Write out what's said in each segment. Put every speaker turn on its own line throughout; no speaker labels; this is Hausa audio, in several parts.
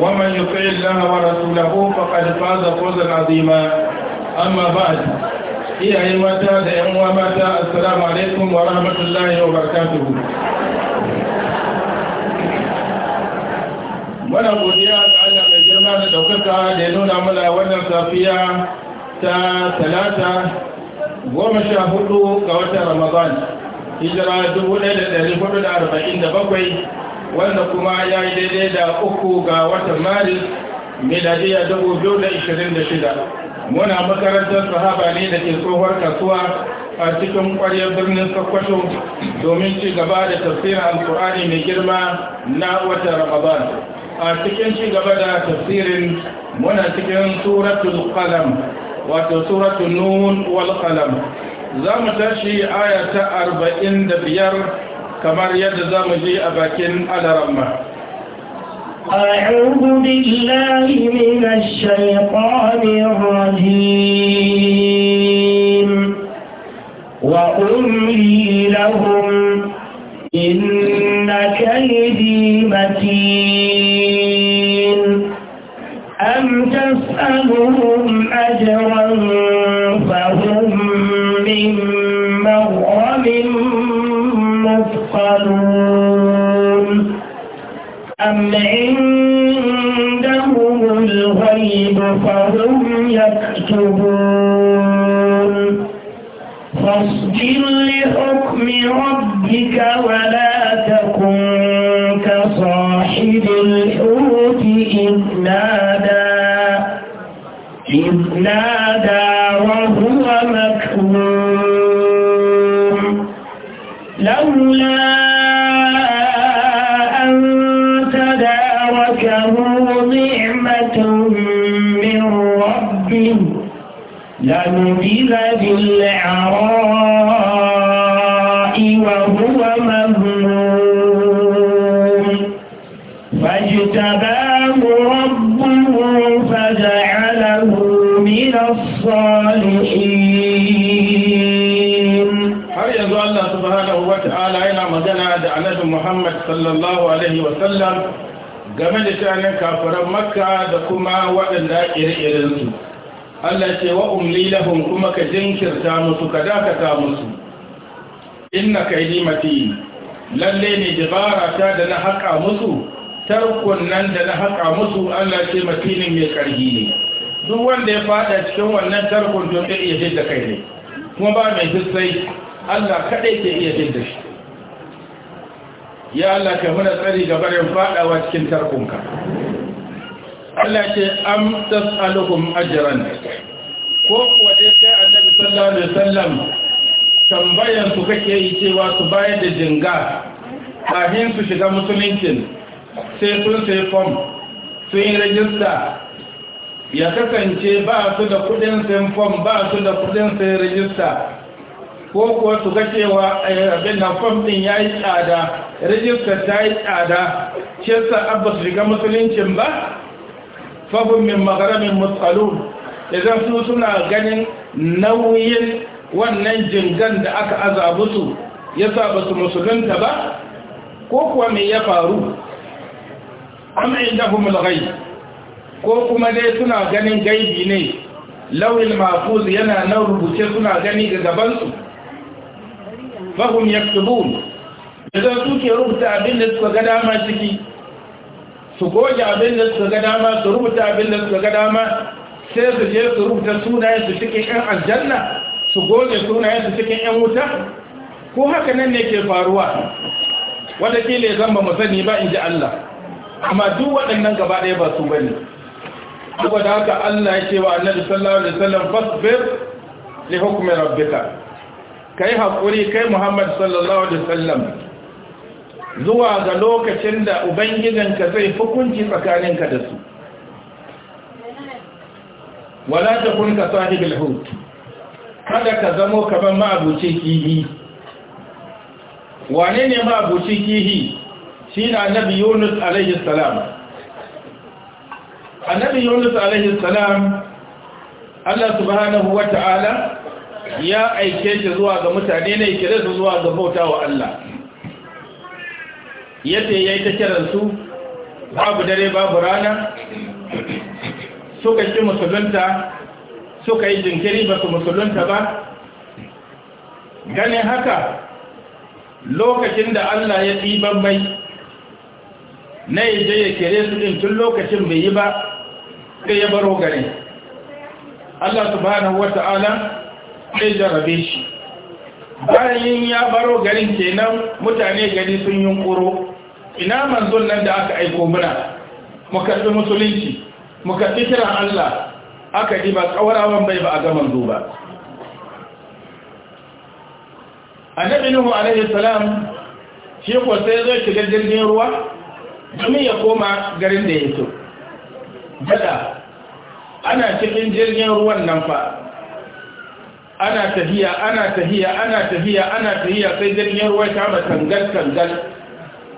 ومن يطع الله ورسوله فقد فاز فوزا عظيما أما بعد iyaye mata da yan uwa mata assalamu alaikum wa rahmatullahi wa barakatuhu
muna godiya ga Allah mai
girma da ɗaukaka da ya nuna mana wannan safiya ta talata goma sha hudu ga watan ramadan hijira dubu ɗaya da ɗari hudu da arba'in da bakwai wanda kuma ya yi daidai da uku ga watan maris miladiya dubu biyu da ishirin da shida muna makarantar sahaba ne da ke tsohuwar kasuwa a cikin ƙwaryar birnin sokoto domin ci gaba da tafsirin alkur'ani mai girma na watan ramadan a cikin ci gaba da tafsirin muna cikin suratul qalam wato suratul nun wal qalam za mu tashi aya ta arba'in da biyar kamar yadda za mu ji a bakin adaramma
أعوذ بالله من الشيطان الرجيم وأملي لهم إن
sallallahu alaihi wasallam game da shanin kafiran makka da kuma waɗanda ire-irensu Allah ce wa umli lahum kuma ka jinkirta musu ka dakata musu inna kaidi mati lalle ne dabara ta da na haƙa musu tarkon nan da na haƙa musu Allah ce matinin mai ƙarfi ne duk wanda ya fada cikin wannan tarkon don iya da kai ne kuma ba mai hissai Allah kaɗai ke iya hidda shi ya Allah ka muna tsari ga barin fadawa cikin tarkunka Allah ce am tas'aluhum ajran ko kuwa dai sai annabi sallallahu alaihi wasallam tambayan su kake yi cewa su bayar da jinga kafin su shiga musuluncin sai sun sai form sun yi rajista ya kasance ba su da kudin sai form ba su da kudin sai rajista ko kuwa su ga cewa eh, abin nan fam din ya yi tsada rijistar ta yi tsada ce sa abba su shiga musuluncin ba fahim min magaramin matsalun idan su suna ganin nauyin wannan jingan da aka azabu su ya sa ba su musulunta ba ko kuwa mai ya faru am indahum al-ghaib ko kuma dai suna ganin gaibi ne Lauyin mafuz yana nan rubuce suna gani ga gabansu fahim yaktubun idan suke rubuta abin da suka ga dama ciki su goge abin da suka ga dama su rubuta abin da suka ga dama sai su je su rubuta sunayen su cikin yan aljanna su goge sunayen su cikin yan wuta ko haka nan ne ke faruwa watakila ya zama mu sani ba in ji Allah amma duk waɗannan gaba ɗaya ba su bane saboda haka Allah ya ce wa annabi sallallahu alaihi wasallam fasbir li hukmi rabbika kai haƙuri kai muhammad sallallahu alaihi wasallam zuwa ga lokacin da ubangijinka zai hukunci tsakaninka da su wala ta kun ka sahibul hut kada ka zamo kaman ma'abuci kihi wane ne ma'abuci kihi na Nabi yunus alaihi salam annabi yunus alaihi salam Allah subhanahu wa ta'ala ya aike shi zuwa ga mutane ne kira su zuwa ga bauta wa Allah yadda ya yi ta kiransu babu dare babu rana suka ci musulunta suka yi jinkiri ba su musulunta ba ganin haka lokacin da Allah ya ɗiban bambai na yi ya kere su ɗin tun lokacin bai yi ba sai ya baro gare Allah subhanahu wa ta'ala zai jarabe shi bayan ya baro garin kenan mutane gari sun yi yunkuro ina manzon nan da aka aiko muna mu fi musulunci mu karbi kiran Allah aka ji ba tsawarawan bai ba a ga manzo ba annabi nuhu alaihi salam shi ko sai zai shiga jirgin ruwa domin ya koma garin da ya fito bada ana cikin jirgin ruwan nan fa ana tahiya ana tahiya ana tahiya ana tahiya sai jirgin ruwa ta ba tangal tangal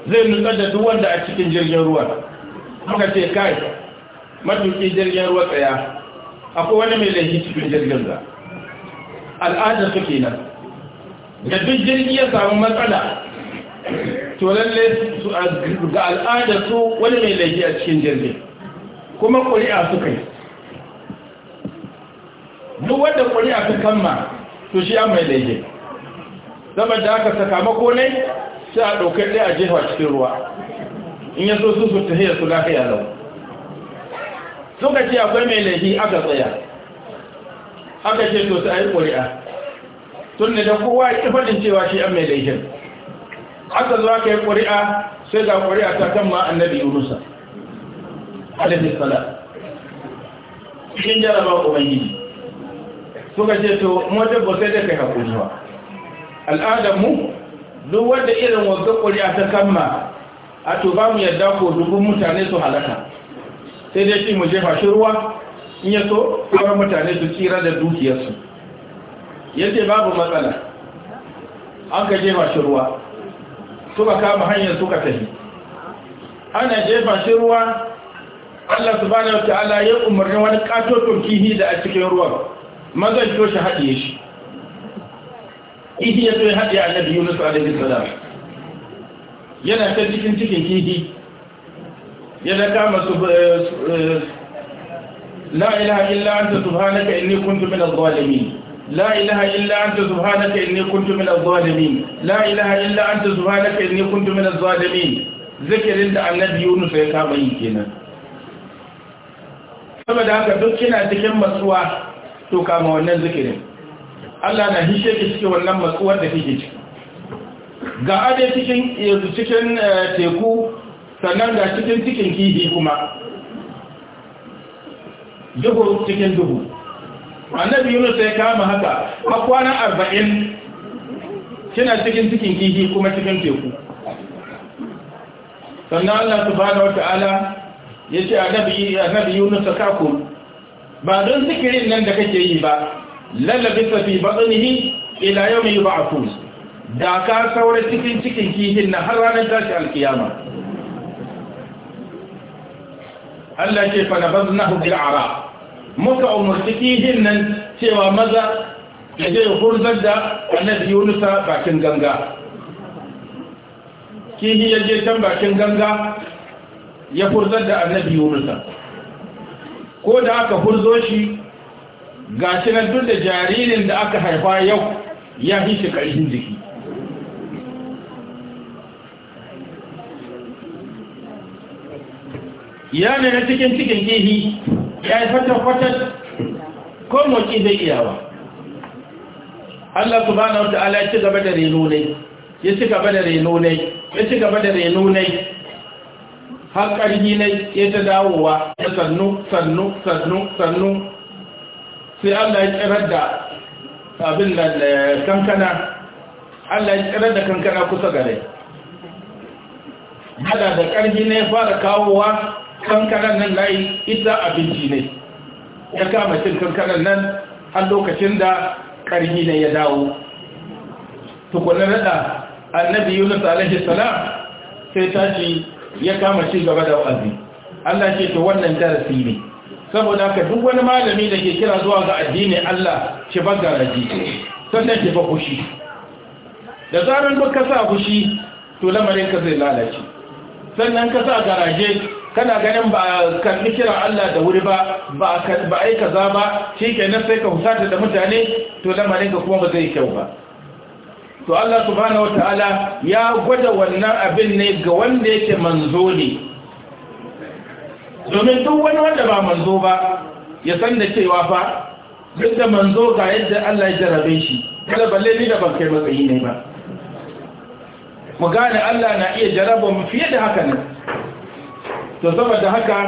zai nutsa da duk wanda a cikin jirgin ruwa muka ce kai Matuƙi jirgin ruwa tsaya akwai wani mai laifi cikin jirgin za al'adar su kenan da duk jirgi ya samu matsala to lalle ga al'adar su wani mai laifi a cikin jirgin kuma ƙuri'a su yi duk wanda ƙuri'a fi kamma to shi an mai zama da aka sakamako ne sai a ɗaukar ɗaya a jihar cikin ruwa in ya so su su ta hiyar su lafiya lau suka ce akwai mai laifi aka tsaya aka ce to su a yi ƙuri'a tun ne da kowa ya faɗin cewa shi an mai laifin aka zuwa ka yi ƙuri'a sai ga ƙuri'a ta kan ma annabi yunusa alaihi salam cikin jaraba ubangiji suka ce to mota ba sai da kai hakuri ba al'adamu duk wanda irin kuri a ta kama a to ba mu yadda ko dubun mutane su halaka sai dai shi mu jefa shi ruwa in ya so kuma mutane su tsira da dukiyarsu yadda babu matsala an ka jefa shi ruwa suka kama hanyar suka tafi ana jefa shi ruwa Allah subhanahu wa ta'ala ya umarni wani kato turkihi da a cikin ruwan mazan toshe haɗiye shi ihi ya so ya haɗiye annabi yunus alaihi salam yana ta cikin cikin kihi yana kama su la ilaha illa anta subhanaka inni kuntu min adh-dhalimin la ilaha illa anta subhanaka inni kuntu min adh-dhalimin la ilaha illa anta subhanaka inni kuntu min adh-dhalimin zikirin da annabi yunus ya kama yi kenan saboda haka duk kina cikin matsuwa to kama wannan zikirin Allah na hishe ki cikin wannan matsuwar da kike ciki ga ade cikin eh, cikin eh, teku sannan ga cikin cikin kihi kuma duhu cikin duhu annabi Yunus sai kama haka a kwanan arba'in kina cikin cikin kihi kuma cikin teku sannan Allah subhanahu wata'ala yace ce annabi Yunus ka kuma ba don zikirin nan da kake yi ba safi ba batsinihi ila yau mai ba'afus da ka saura cikin cikin kihin na har ranar tashi alkiyama Allah ce fa nabadnahu bil ara muka umarci kihin nan cewa maza ya je hurzar da annabi Yunusa bakin ganga kihi ya je can bakin ganga ya hurzar da annabi Yunusa ko da aka hurzo shi ga shi duk da jaririn da aka haifa yau ya fi shi ƙarfin jiki ya ne na cikin cikin kihi
ya yi fatan-fatan
ko moki zai iyawa Allah na wata ala ya ci gaba da reno ne ya ci gaba da reno ne ya ci gaba da reno ne har ƙarfi ya ta dawowa ya sannu sannu sannu sannu sai Allah ya tsirar da abin da kankana Allah ya tsirar da kankana kusa gare hada da ƙarfi ne fara kawowa kankanan nan layi ita abinci ne ya kama cin kankanan nan har lokacin da ƙarfi ne ya dawo tukunan rada annabi yunus alaihi salam sai ce ya kama ci gaba da wa'azi Allah ce to wannan darasi ne saboda ka duk wani malami da ke kira zuwa ga addini Allah shi ba garaji sannan shi ba kushi da zaran duk ka sa kushi to lamarin ka zai lalace sannan ka sa garaje kana ganin ba a kira Allah da wuri ba ba ba yi za ba shi kenan sai ka husata da mutane to lamarin ka kuma ba zai kyau ba to Allah subhanahu wataala ya gwada wannan abin ne ga wanda yake manzo ne domin duk wani wanda ba manzo ba ya san da cewa fa duk da manzo ga yadda Allah ya jarabe shi kada balle ni da ban kai matsayi ne ba mu gane Allah na iya jaraba mu fiye da haka ne to saboda haka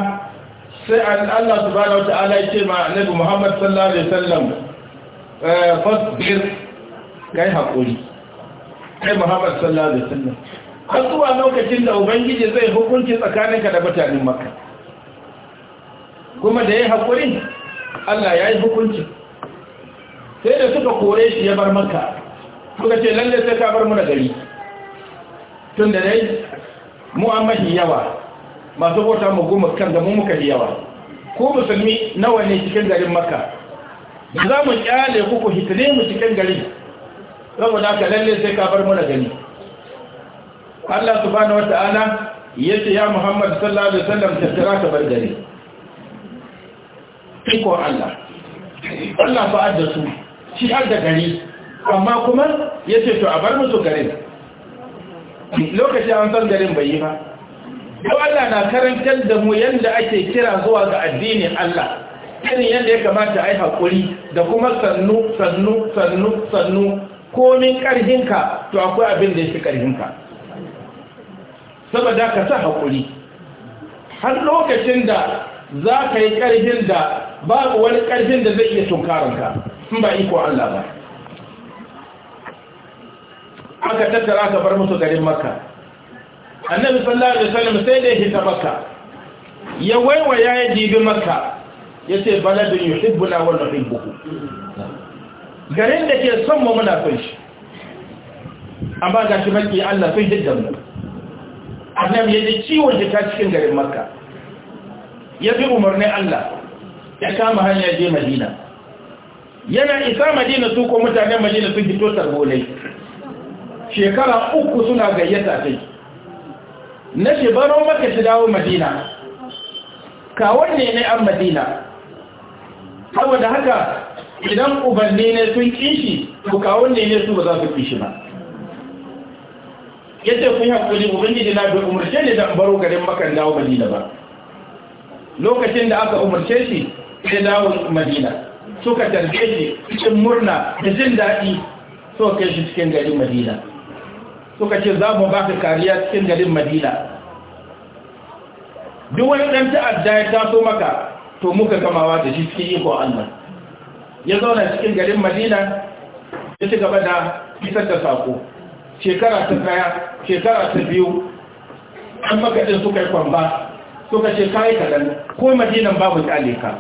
sai Allah subhanahu wataala ya ce ma Annabi Muhammad sallallahu alaihi wasallam eh, fasbir kai hakuri kai Muhammad sallallahu alaihi wasallam har zuwa lokacin da ubangiji zai hukunci tsakaninka da mutanen makka kuma da ya haƙuri Allah ya yi hukunci sai da suka kore shi ya bar makka suka ce lalle sai ka bar mu na gari tun da dai mu an mahi yawa masu bota mu goma kan da mu muka yi yawa ko musulmi nawa ne cikin garin makka za mu kyale ku ku mu cikin garin saboda ka lalle sai ka bar mana gani Allah subhanahu wata'ala yace ya Muhammad sallallahu alaihi wasallam tattara ka bar gani iko Allah Allah ba da su shi har da gari amma kuma yace to a bar musu garin lokaci an san garin bai yi ba yau Allah na karantar da mu yadda ake kira zuwa ga addinin Allah irin yadda ya kamata a yi haƙuri da kuma sannu sannu sannu sannu komin ka to akwai abin da ya fi ka saboda ka sa hakuri har lokacin da za ka yi ƙarfin da babu wani ƙarfin da zai iya tunkaranka in ba iko Allah ba aka tattara ka bar musu garin makka annabi sallallahu alaihi wasallam sai da hita makka ya waiwaya ya dibi makka yace yuhibbu la wa nuhibbuhu garin da ke son mu muna son shi amma ga shi maki Allah sun hidda mu annabi ya ji ciwon ta cikin garin makka ya bi umarnin Allah ya kama hanyar je madina yana isa madina su ko mutanen madina sun fito tarbolai shekara uku suna gayyata sai na shi baro maka shi dawo madina kawon ne ne an madina saboda haka idan ubanni ne sun kishi to kawon ne ne su ba za su kishi ba yadda kun hakuri ubangiji na bai umarce ne da baro garin makan dawo madina ba lokacin da aka umarce shi sai dawo madina suka tarbe shi cikin murna da jin daɗi suka kai shi cikin garin madina suka ce za mu ba ka kariya cikin garin madina duk wani ɗan ta'adda ya taso maka to muka kamawa da shi cikin iko Allah ya zauna cikin garin madina ya ci gaba da isar da sako shekara ta daya shekara ta biyu an makaɗin suka yi kwamba suka ce kayi kaɗan ko madinan babu kyale ka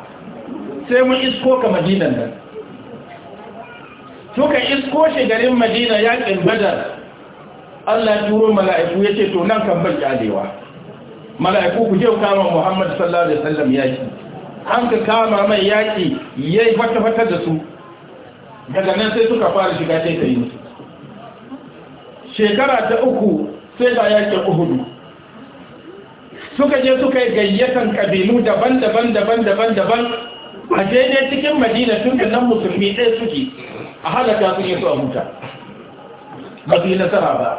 sai mun isko ka madinan nan suka isko shi garin madina yaƙin badar allah turo mala'iku ya ce to nan kan ban ƙyalewa mala'iku ku je kama muhammadu sallallahu alaihi wasallam yaki an ka kama mai yaƙi ya yi fata-fata da su daga nan sai suka fara shiga sai ta yi musu. shekara ta uku sai ba yaƙin uhudu suka je suka yi gayyatan ƙabilu daban-daban daban-daban daban a daidai cikin madina tun da nan musulmi ɗaya suke a halaka sun yi su a huta ba su yi nasara ba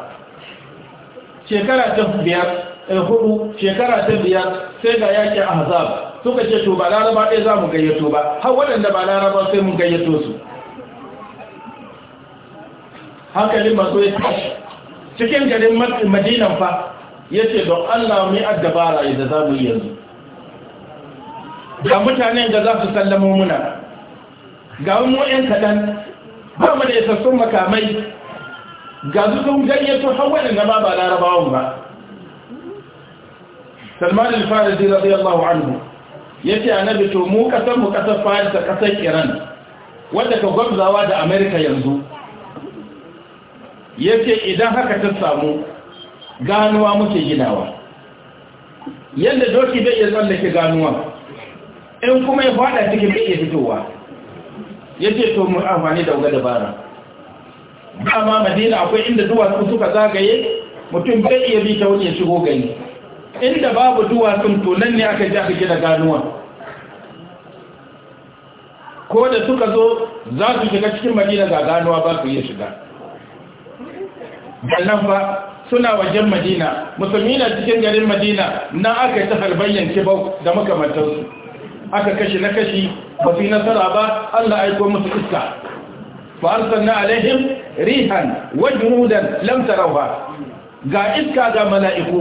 shekara ta biyar eh, hudu shekara ta biyar sai ga yaƙin ahzab suka ce to ba laraba ɗaya za mu gayyato ba har waɗanda ba laraba sai mun gayyato su hankalin masu ya tashi cikin garin madinan fa ya ce don allah mai addabara da za mu yi yanzu ga mutanen da za su sallamo muna ga mu 'yan kaɗan ba mu da isassun makamai ga su sun gayyato har waɗanda ba ba larabawan ba salman al-farisi radiyallahu anhu ya ce a nabi to mu kasar mu kasar farisa kasar iran wadda ka gwamzawa da amerika yanzu ya ce idan haka ta samu ganuwa muke ginawa yadda doki bai iya tsallake ganuwa in kuma ya fada cikin bai iya fitowa ya ce to mu amfani da wuga dabara dama madina akwai inda duwatsu suka zagaye mutum bai iya bi ta wuce shigo gani inda babu duwatsun tunan ne aka ji aka gina ganuwa ko da suka zo za su shiga cikin madina ga ganuwa ba su iya shiga nan ba suna wajen madina musulmi na cikin garin madina na aka yi ta halbayyan kibau da makamantarsu aka kashe na kashi ba su yi nasara ba allah aiko musu iska fa na alaihim rihan wa junudan ga iska ga mala'iku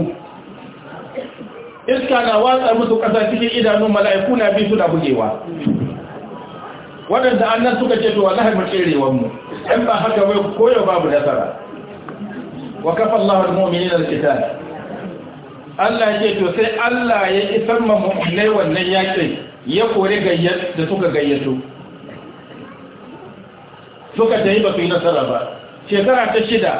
iska na watsa musu kasa cikin idanu mala'iku na bi su da bugewa waɗanda annan suka ce to wallahi mu tserewan mu in ba haka bai koyo babu nasara wa kafa Allahu al-mu'minina al-qital Allah ce to sai Allah ya isar ma mu'minai wannan yakin ya kore gayyar da suka gayyato suka yi ba su yi nasara ba shekara ta shida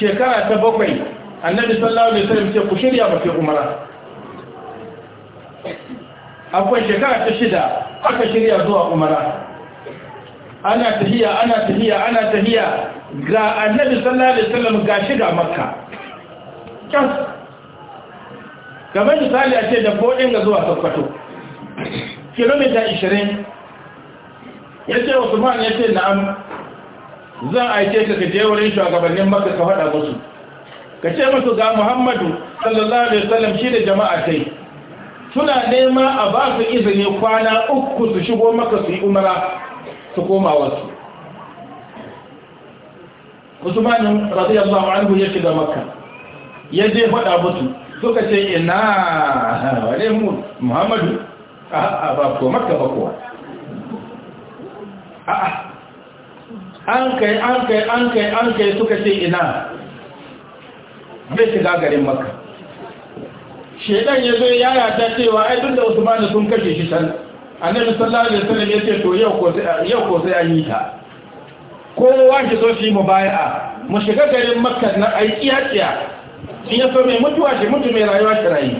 shekara ta bakwai annabi sallallahu alaihi wasallam ce ku shirya ba mafi umara akwai shekara ta shida aka shirya zuwa umara ana tahiya ana tahiya ana tahiya ga annabi sallallahu alaihi wasallam ga shi ga makka kas kamar misali a ce da bodin ga zuwa sokoto kilomita 20 yace Usman yace na'am zan aike ka je wurin shugabannin makka ka fada musu ka ce musu ga Muhammadu sallallahu alaihi wasallam shi da jama'a sai suna nema a ba su izini kwana uku su shigo maka su yi umara su koma wasu usmanin radiyallahu anhu ya shiga makka ya je faɗa musu suka ce ina wane mu muhammadu a ba ko makka ba kowa an kai an kai an kai an kai suka ce ina bai shiga garin makka shedan ya zo yaya ta cewa ai duk da usmanin sun kashe shi sallah annabi sallallahu alaihi wasallam yace to yau ko sai yau ko sai an yi ta kowa ki zo shi mu bai'a mu shiga garin makka na aiki hakiya in ya so mai mutuwa shi mutu mai rayuwa shi rayi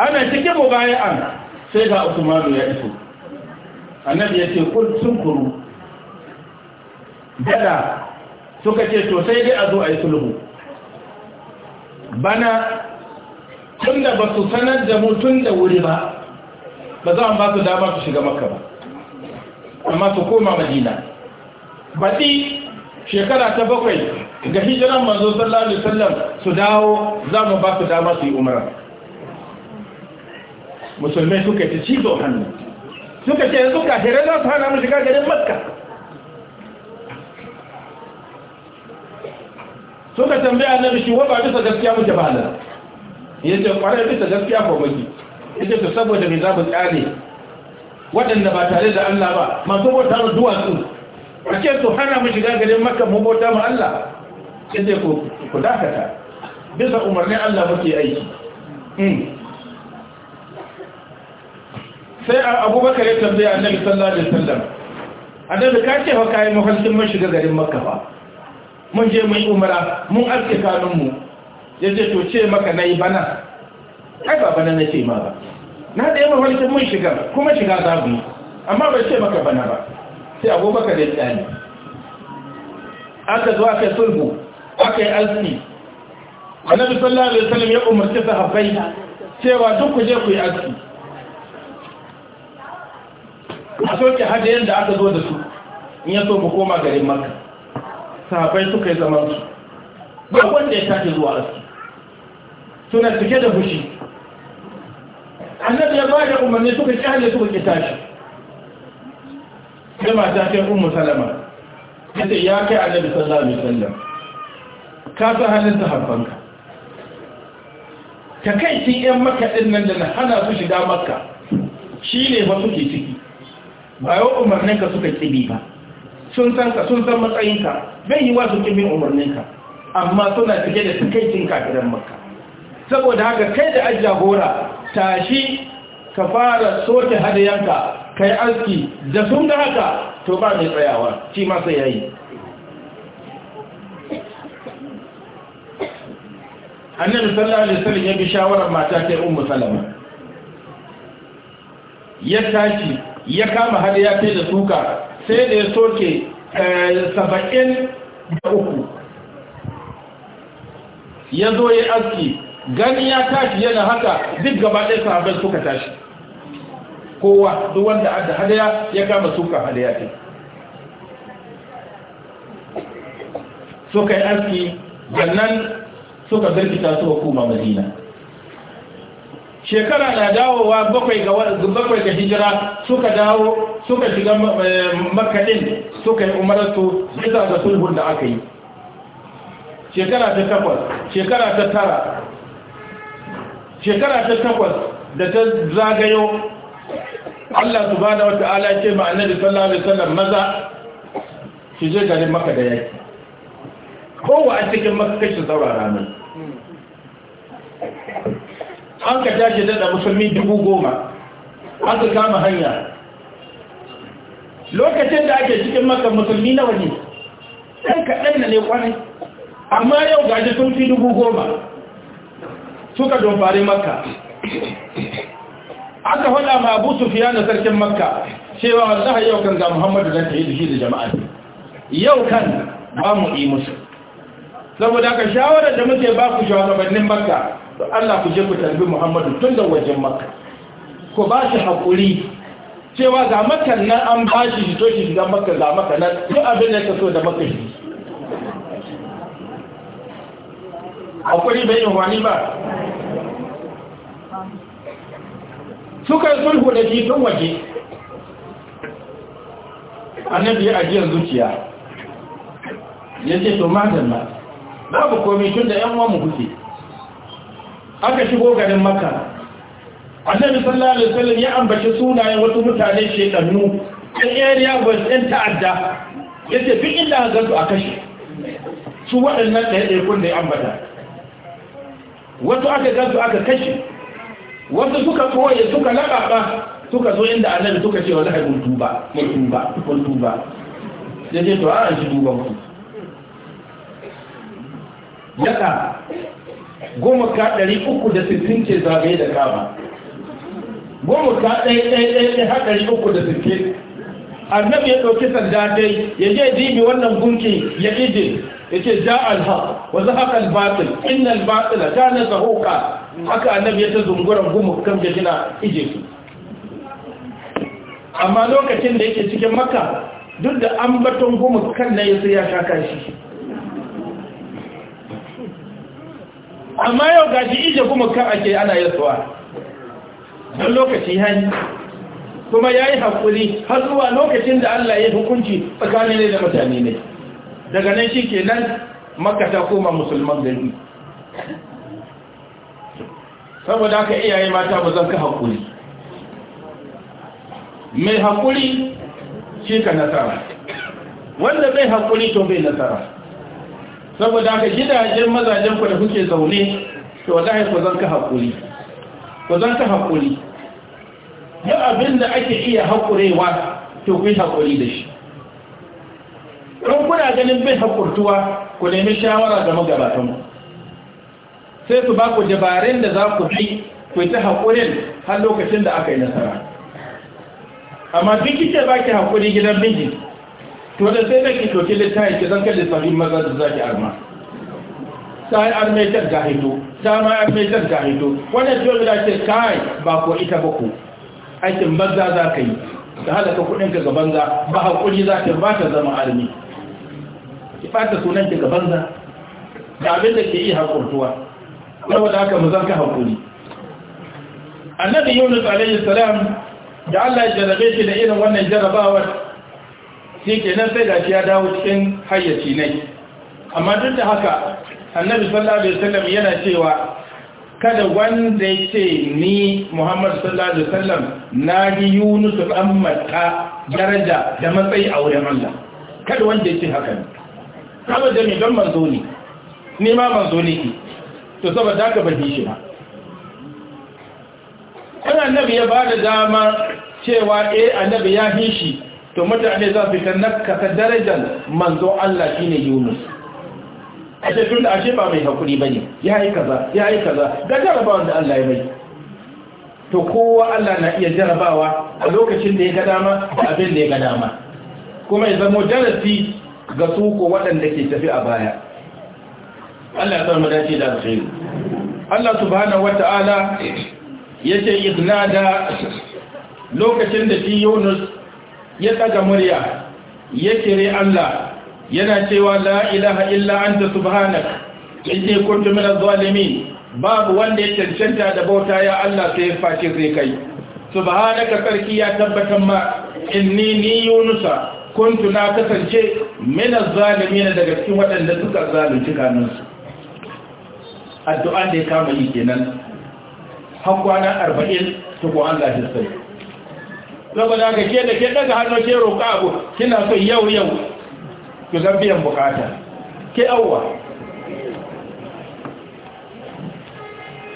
ana cikin mu bai'an sai ga usman ya iso annabi yace kul kuru, dada suka ce to sai dai a zo a yi sulhu bana tunda ba su sanar da mu tun da wuri ba ba za a ba su dama su shiga makka ba amma su koma madina baɗi shekara ta bakwai ga hijiran manzo sallallahu alaihi wasallam su dawo za mu ba su dama su yi umra musulmai suka ci cizo hannu suka ce yanzu kafirai za su hana mu shiga garin makka suka tambaya na bishi wa ba bisa gaskiya muke ba nan yace kwarai bisa gaskiya ko muke ita ta saboda mai za mu tsare waɗanda ba tare da Allah ba masu bauta ma duwatsu a ce su hana mu shiga garin maka mu bauta ma Allah dai ku dakata bisa umarnin Allah muke aiki hmm. sai abubakar ya tambaya annabi sallallahu alaihi wasallam annabi ka ce fa kai mafarkin mun shiga garin makka fa mun je mun umara mun aske kanun mu yace to ce maka nayi bana kai ba bana na ce ma ba na da yawan wani mun shiga kuma shiga za mu amma bai ce maka bana ba sai abubakar da ya tsani aka zo aka sulhu aka yi alfi annabi sallallahu da wasallam ya umarci sahabbai cewa duk ku je ku yi alfi a soke hadayen da aka zo da su in ya so mu koma garin maka su suka yi zaman su ba wanda ya tashi zuwa alfi suna cike da fushi annabi ya ba da umarni suka kyale suka ki tashi sai mata ta ummu salama yace ya kai annabi sallallahu alaihi wasallam ka san halin sahabbanka ka kai cin yan makka din nan da na hana su shiga makka shine ba suke ciki ba yau ka suka kibi ba sun san ka sun san matsayinka bai yi wa su kibin umarninka amma suna cike da takaicin kafiran makka saboda haka kai da ajiya gora tashi ka fara soke hadayanka kai aski da sun ga haka to ba mai tsayawa shi masa yayi annabi sallallahu alaihi wasallam ya bi shawarar mata ta ummu salama ya tashi ya kama hadaya kai da suka sai da ya soke eh, saba'in da uku ya zo ya aski gani ya tashi yana haka duk gaba ɗaya sahabbai suka tashi kowa duk wanda adda hadaya ya kama suka hadaya ce suka yi aski sannan suka birkita su hukuma madina shekara na dawowa bakwai ga hijira suka dawo suka shiga eh, makadin suka yi umaratu bisa ga sulhun da aka yi shekara ta takwas shekara ta tara shekara ta takwas da ta zagayo Allah ba wata ala ce ma annabi sallallahu alaihi wasallam maza shi je garin maka da yaki kowa a cikin maka kashi saurara mai an ka tashi da musulmi dubu goma an ka kama hanya lokacin da ake cikin maka musulmi nawa ne ɗan kaɗan na ne kwanai amma yau gaji sun fi dubu goma suka dumfari makka aka faɗa ma abu sufiya na sarkin makka cewa wallahi yau kan ga muhammadu zan yi da shi da jama'a yau kan ba mu yi musu saboda ka shawarar da muke ba ku bannin makka to allah ku je ku tarbi muhammadu tun da wajen makka ku ba shi haƙuri cewa ga nan an ba shi shi to shi shiga makka ga makka nan duk abin da ya so da makka shi
akwai bai yin wani ba
suka sulhu da jikin waje annabi ya ajiyar zuciya ya ce to ba babu komi tun da yan wamu kuke aka shigo garin maka annabi sallallahu alaihi wasallam ya ambaci sunayen wasu mutane shedannu ɗan yariya wasu ɗan ta'adda ya ce fi inda gansu a kashe su waɗannan ɗaiɗaikun da ya ambata wasu aka gansu aka kashe wasu suka koye suka laɓaɓa suka zo inda annabi suka ce wani haifin tuba mai tuba mai tuba ya ce to ah, an shi tuba mutu yaɗa goma ka ɗari uku da sittin ce zagaye da kama goma ka ɗaya ɗaya ɗaya ɗaya har ɗari uku da sittin annabi ya ɗauki sanda dai ya je dibi wannan gunki ya ije Yake ja al wa zahaq albatil inna albatila kana zahuqa haka annabi ya ta zunguran gumu kan jina ije su amma lokacin da yake cikin makka duk da an baton gumu kan na yasu ya shaka shi amma yau gashi ije gumu kan ake ana yasuwa don lokaci hani kuma ya yi haƙuri har zuwa lokacin da Allah ya hukunci tsakanin ne da mutane ne daga nan shi ke nan maka ta koma musulman gari saboda aka iyaye mata ba zan ka haƙuri mai haƙuri shi ka nasara wanda bai haƙuri to bai nasara saboda haka gidajen mazajen ku da kuke zaune to wallahi ku zan ka haƙuri ku zan ka haƙuri duk abin da ake iya haƙurewa to ku yi haƙuri da shi don kuna ganin bai haƙurtuwa ku nemi shawara magabatan ku, sai su ba ku dabarun da za ku fi ku ta haƙurin har lokacin da aka yi nasara amma duk kike ba ki haƙuri gidan miji to da sai da ki toki littafi ki zan kalli sabbin maza da za ki arma ta yi armaitar ga hito ta ma armaitar ga hito wannan ciwon da ce kai ba ku ita ba ku aikin banza za ka yi ta halaka kuɗinka ga banza ba haƙuri za ta ba ta zama armi ki fata sunan gaban banza da abin da ke yi haƙurtuwa da haka mu ka haƙuri annabi yunus alayhi salam da allah ya jarabe shi da irin wannan jarabawar shi ke nan sai gashi ya dawo cikin hayyaci ne amma duk da haka annabi sallallahu alaihi wasallam yana cewa kada wanda ya ce ni muhammad sallallahu alaihi wasallam na ji yunus al'ammata daraja da matsayi a wurin allah kada wanda ya haka ne saboda ne don manzo ne ni ma manzo ne ke, to saboda haka ba shi ba kan annabi ya ba da dama cewa eh annabi ya fi shi to mutane za su na kasa darajar manzo Allah shine Yunus a ce tun da ashe ba mai hakuri ne ya yi kaza ya yi kaza da jaraba wanda Allah ya mai to kowa Allah na iya jarabawa a lokacin da ya ga dama abin da ya ga dama kuma ya zamo darasi ga su ko waɗanda ke tafi a baya Allah ya mu dace da alkhairi Allah subhanahu wata'ala yace iznada lokacin da shi Yunus ya daga murya ya kire Allah yana cewa la ilaha illa anta subhanaka inni kuntu minaz zalimin babu wanda ya cancanta da bauta ya Allah sai face zai kai subhanaka sarki ya tabbatar ma inni ni yunusa kuntu na kasance mina zalimi na daga cikin waɗanda suka zalunci kanunsu addu'a da ya kama yi kenan har kwana arba'in tuku an lafi sai saboda ka ke da ke daga hannu ke roƙa abu kina so yau yau ku zan biyan bukata ke awwa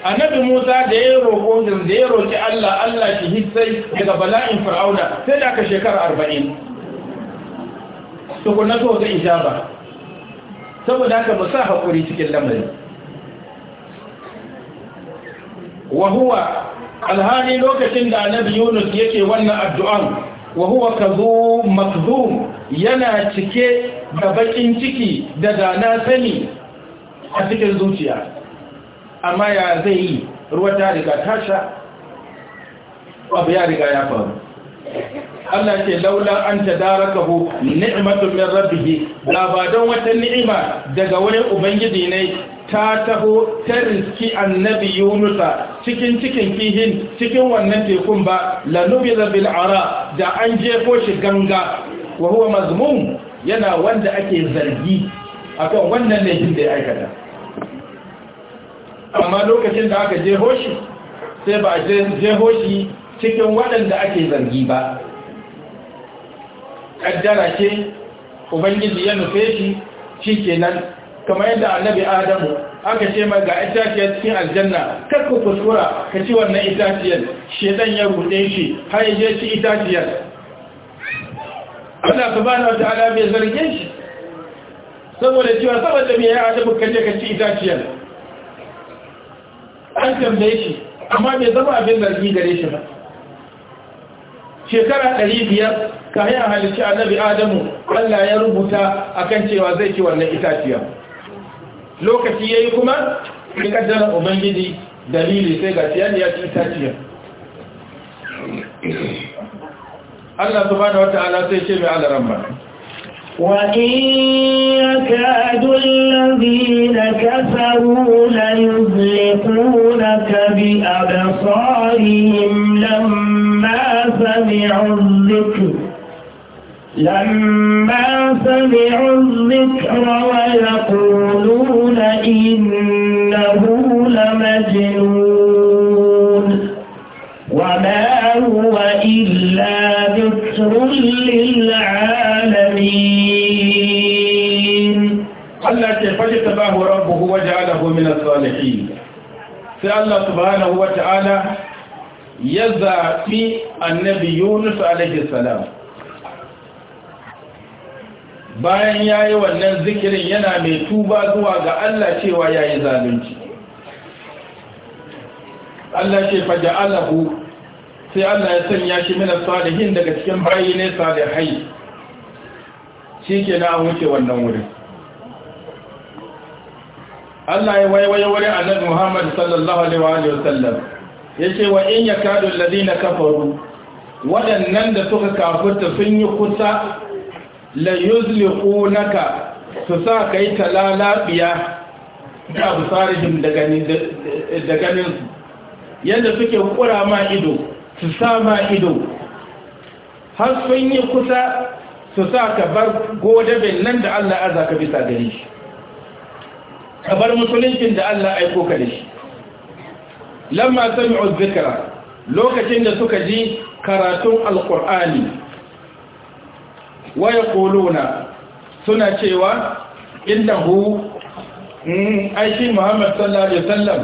annabi musa da ya roƙo da ya roƙi allah allah shi hissai daga bala'in fir'auna sai da aka shekara arba'in tukunan so ga ijaba saboda haka ba sa haƙuri cikin lamari Wahuwa huwa alhali lokacin da annabi yunus yake wannan addu'an wa huwa kazu makzum yana cike da bakin ciki da dana sani a cikin zuciya amma ya zai yi ruwa ta riga tasha, abu ya riga ya faru Allah ce laula an tadarakahu ni'matun min rabbih da wata ni'ima daga wurin ubangiji ne ta taho ta riski annabi yunusa cikin cikin kihin cikin wannan tekun ba lanubiza bil ara da an jefo shi ganga wa huwa mazmum yana wanda ake zargi akan wannan laifin da ya aikata amma lokacin da aka je hoshi, sai ba je hoshi cikin waɗanda ake zargi ba kaddara ce ubangiji ya nufe shi shi kenan kamar yadda annabi adamu aka ce ma ga itaciyar cikin aljanna kar ku kuskura ka ci wannan itaciyar shedan ya rute shi har ya ci itaciyar Allah subhanahu ta'ala bai zarge shi saboda cewa saboda me ya adamu kaje ka ci itaciyar an tambaye shi amma bai zama abin zargi gare shi ba shekara ɗari biyar kayan halicci annabi adamu allah ya rubuta a kan cewa zai ci wannan itaciya lokaci ya yi kuma ƙaddara ubangiji dalili sai ga ciyar ya ci itaciya allah da wa ta'ala sai ce mai alaran
وإن يكاد الذين كفروا ليزلقونك بأبصارهم لما سمعوا الذكر لما سمعوا الذكر ويقولون إنه لمجنون وما هو إلا ذكر للعالمين fashi tabahu
rabbuhu wa ja'alahu min as-salihin sai Allah subhanahu wa ta'ala ya zafi annabi Yunus alayhi salam bayan yayi wannan zikirin yana mai tuba zuwa ga Allah cewa yayi zalunci Allah ce faja'alahu sai Allah ya sanya shi min as-salihin daga cikin bayi shi salihai a wuce wannan wurin Allah ya waiwaye wuri annabi Muhammad sallallahu alaihi wa sallam yace wa in yakadu alladhina kafaru wadannan da suka kafirta sun yi kusa la yuzliqunaka su sa kai talalabiya da absarihim da ganin da ganin su yanda suke kura ma ido su sa ma ido har sun yi kusa su sa ka bar godabin nan da Allah azaka bisa gare shi ka bar musuluncin da Allah aiko ka da shi lamma sami'u lokacin da suka ji karatun alqur'ani wa yaquluna suna cewa innahu mm, ai shi Muhammad sallallahu alaihi wasallam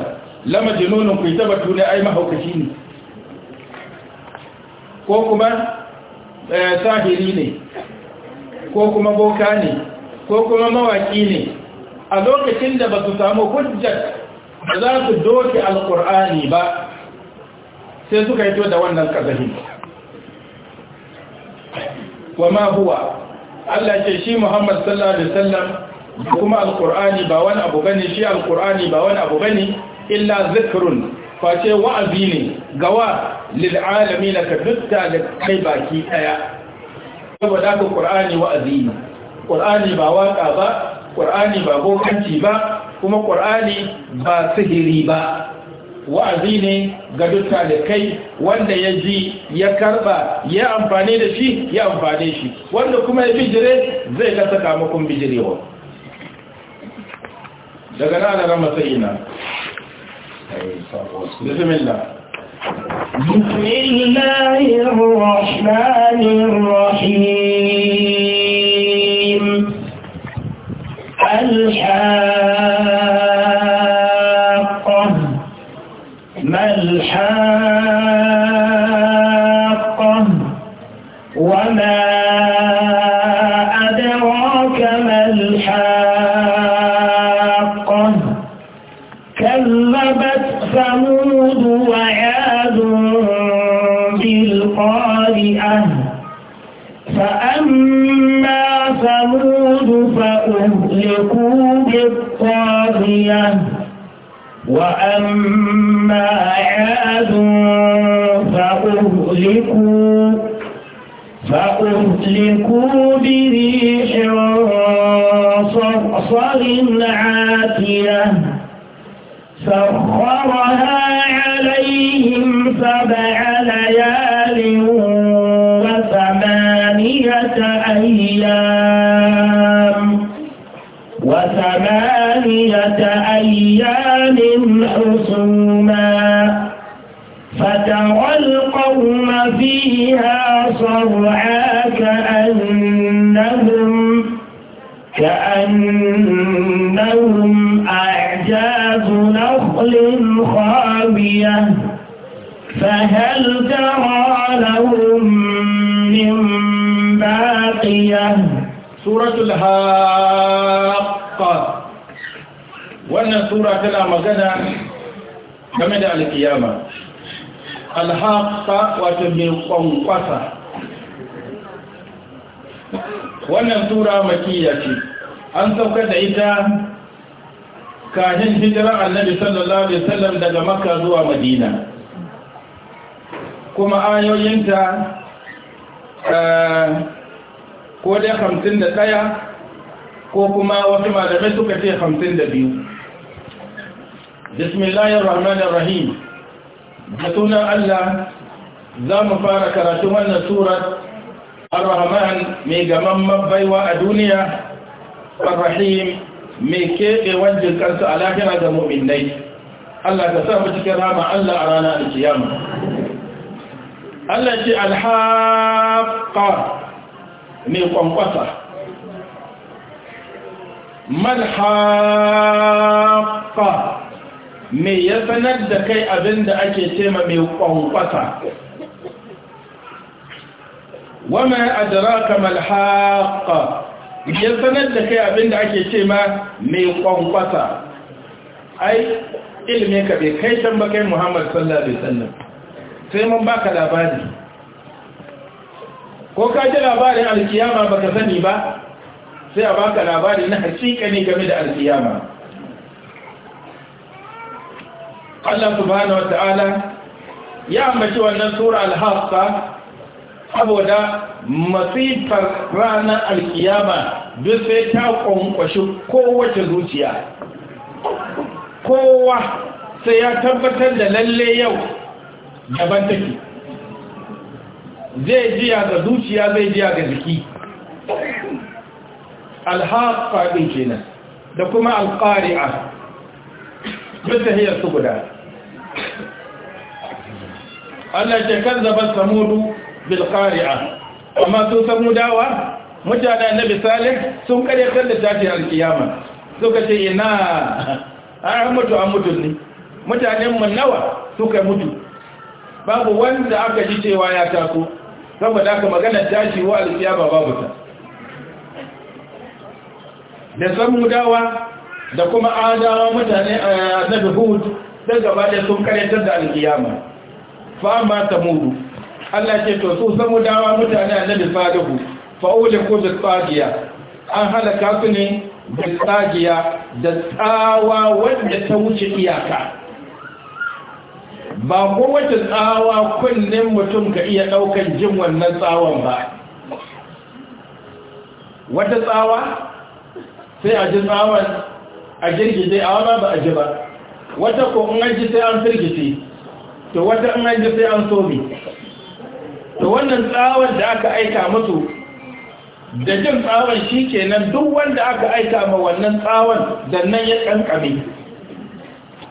lama jinunun ku tabatu ne ai mahaukaci ne ko kuma eh, sahiri ne ko kuma boka ne ko kuma mawaki ne a lokacin da ba su samu hujjar da za su doke alkur'ani ba sai suka yi to da wannan kazahi wa ma huwa Allah ce shi Muhammad sallallahu alaihi wasallam kuma alkur'ani ba wani abu bane shi alkur'ani ba wani abu bane illa zikrun face wa'azi ne gawa lil alamin ka dukka da kai baki daya saboda ku ƙur'ani wa'azi ne ba waƙa ba ƙur'ani ba bokanci ba kuma ƙur'ani ba sihiri ba wa'azi ne ga da kai wanda ya ji ya karba ya amfani da shi ya amfane shi wanda kuma ya bijire zai ga sakamakon bijirewa daga na daga matsayina bismillah
بسم الله الرحمن الحاقة ما الحاقة
kiyama alhaqa wato mai ƙwanƙwasa. wannan tura makiyya ce an saukar da ita kahin hijirar annabi sallallahu alaihi wasallam daga makka zuwa madina kuma ayoyinta eh, ko dai hamsin da ɗaya ko kuma wasu malamai suka ce hamsin da biyu bismillahir rahmanir rahim da sunan Allah za mu fara karatun wannan surat ar-rahman mai gaman mabaiwa a duniya ar-rahim mai keɓe wajen kansu a lahira ga mu'minai Allah ka sa mu cikin rama Allah a rana alkiyama Allah ce alhaqa mai kwankwasa malhaqa me ya sanar da kai abin da ake cema mai kwankwasa wama adraka mal haqqa ya sanar da kai abin da ake cema mai kwankwasa ai ilimin ka bai kai can ba kai Muhammad Sallar bai wasallam sai mun baka labari ko ka ji labarin alkiyama baka sani ba sai a baka labari na hakika ne game da alkiyama Allah subhanahu wata'ala ya ambaci wannan sura al-haqqa saboda masifar ranar alkiyama duk sai ta kwankwashi kowace zuciya kowa sai ya tabbatar da lalle yau gaban take zai jiya ga zuciya zai jiya ga jiki alhaƙa ɗin kenan da kuma alƙari'a duk da hiyar su guda Allah ce kan zaban samudu bil qari'a amma sun samu dawa mutanen nabi salih sun karyatar da tafi alkiyama suka ce ina an mutu a mutu ne mutanen mun nawa suka mutu babu wanda aka ji cewa ya taso saboda aka magana tashi wa alkiyama babu ta da samu dawa da kuma adawa mutane eh, a nabi hud sai gaba da sun karyatar da alkiyama Fama ta mudu. Allah ce to su samu dawa mutane a nabi sadahu ule ko da tsagiya an halaka su ne da tsagiya da tsawa wanda ta wuce iyaka ba ko wata tsawa kunnen mutum ka iya daukan jin wannan tsawon ba wata tsawa sai a ji tsawon a girgije a ba a ji ba wata ko an ji sai an firgice to wata an aiki sai an sobe to wannan tsawon da aka aika musu da jin tsawon shi kenan duk wanda aka aika ma wannan tsawon da nan ya kankame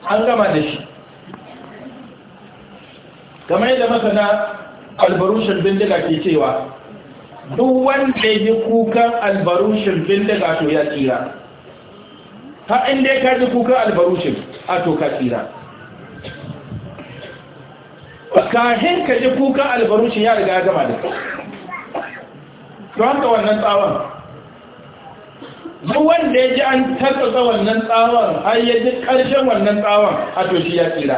an gama da shi kamar yadda na albarushin bindiga ke cewa duk wanda ya kukan albarushin bindiga to ya tsira ta inda ya kaji kukan albarushin a to ka tsira kafin ka ji kukan albarushin ya riga ya gama da don haka wannan tsawon zuwa da ya ji an tattata wannan tsawon har ya ji ƙarshen wannan tsawon a toshi ya tsira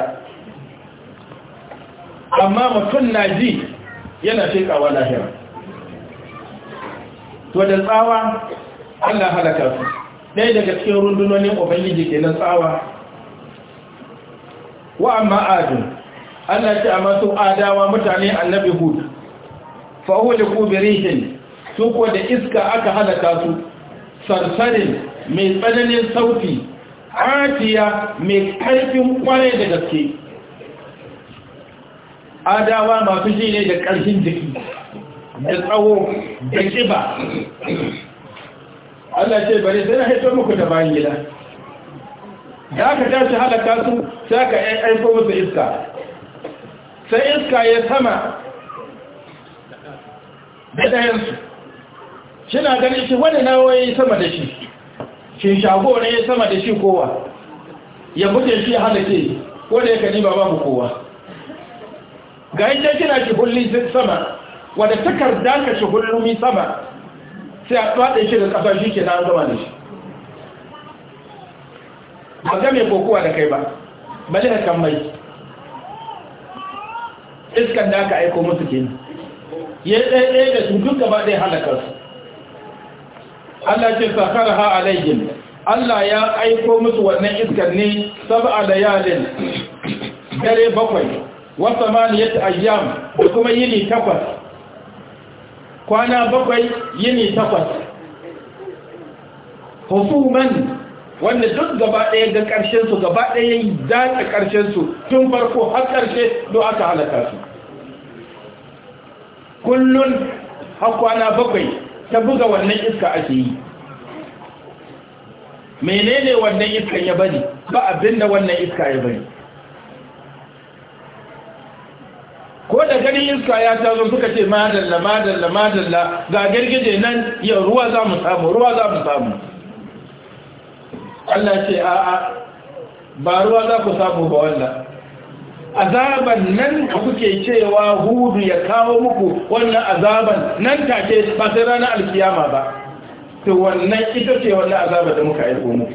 amma mutum na ji yana shekawa lahira to da tsawa allah halaka su ɗaya daga cikin rundunonin ubangiji ke na tsawa wa amma adun Allah ce amma su adawa mutane annabi hud fa huwa bi rihin su ko da iska aka halaka su sarsarin mai tsananin sauti atiya mai karfin kwarai da gaske adawa masu ji ne da karfin jiki da tsawo da kiba Allah ce bari sai na haifar muku da bayan gida da aka tashi halaka su sai aka aiko musu iska sai iska ya sama da ɗayansu shina ganin shi wani nawa ya yi sama da shi shi shago ne ya sama da shi kowa ya buɗe shi halake wanda ya kani ba babu kowa ga yadda kina shi hulli sama wadda takarda ka shi hullumi sama sai a tsaɗe shi da ƙasa shi ke na zama da shi ba ga mai kokowa da kai ba bali kan mai iskan da aka aiko musu kenan ya ɗaiɗai da su duk gaba ɗaya halakar su Allah ce sakar ha alaihim Allah ya aiko musu wannan iskan ne sab'a layalin dare bakwai ya ta ayyam da kuma yini takwas kwana bakwai yini takwas hukuman wanda duk gaba ɗaya ga ƙarshen su gaba ɗaya datsa ƙarshen su tun farko har ƙarshe don aka halaka su kullun har kwana bakwai ta buga wannan iska ake yi menene wannan iskan ya bari ba abin da wannan iska ya bari ko da ganin iska ya tazo suka ce madalla madalla madalla ga girgije nan ya ruwa za mu samu ruwa za mu samu Allah ce a'a ba ruwa za ku samu ba wannan azaban nan da kuke cewa hudu ya kawo muku wannan azaban nan take ba sai ranar alkiyama ba to wannan ita ce wannan azaban da muka aiko muku.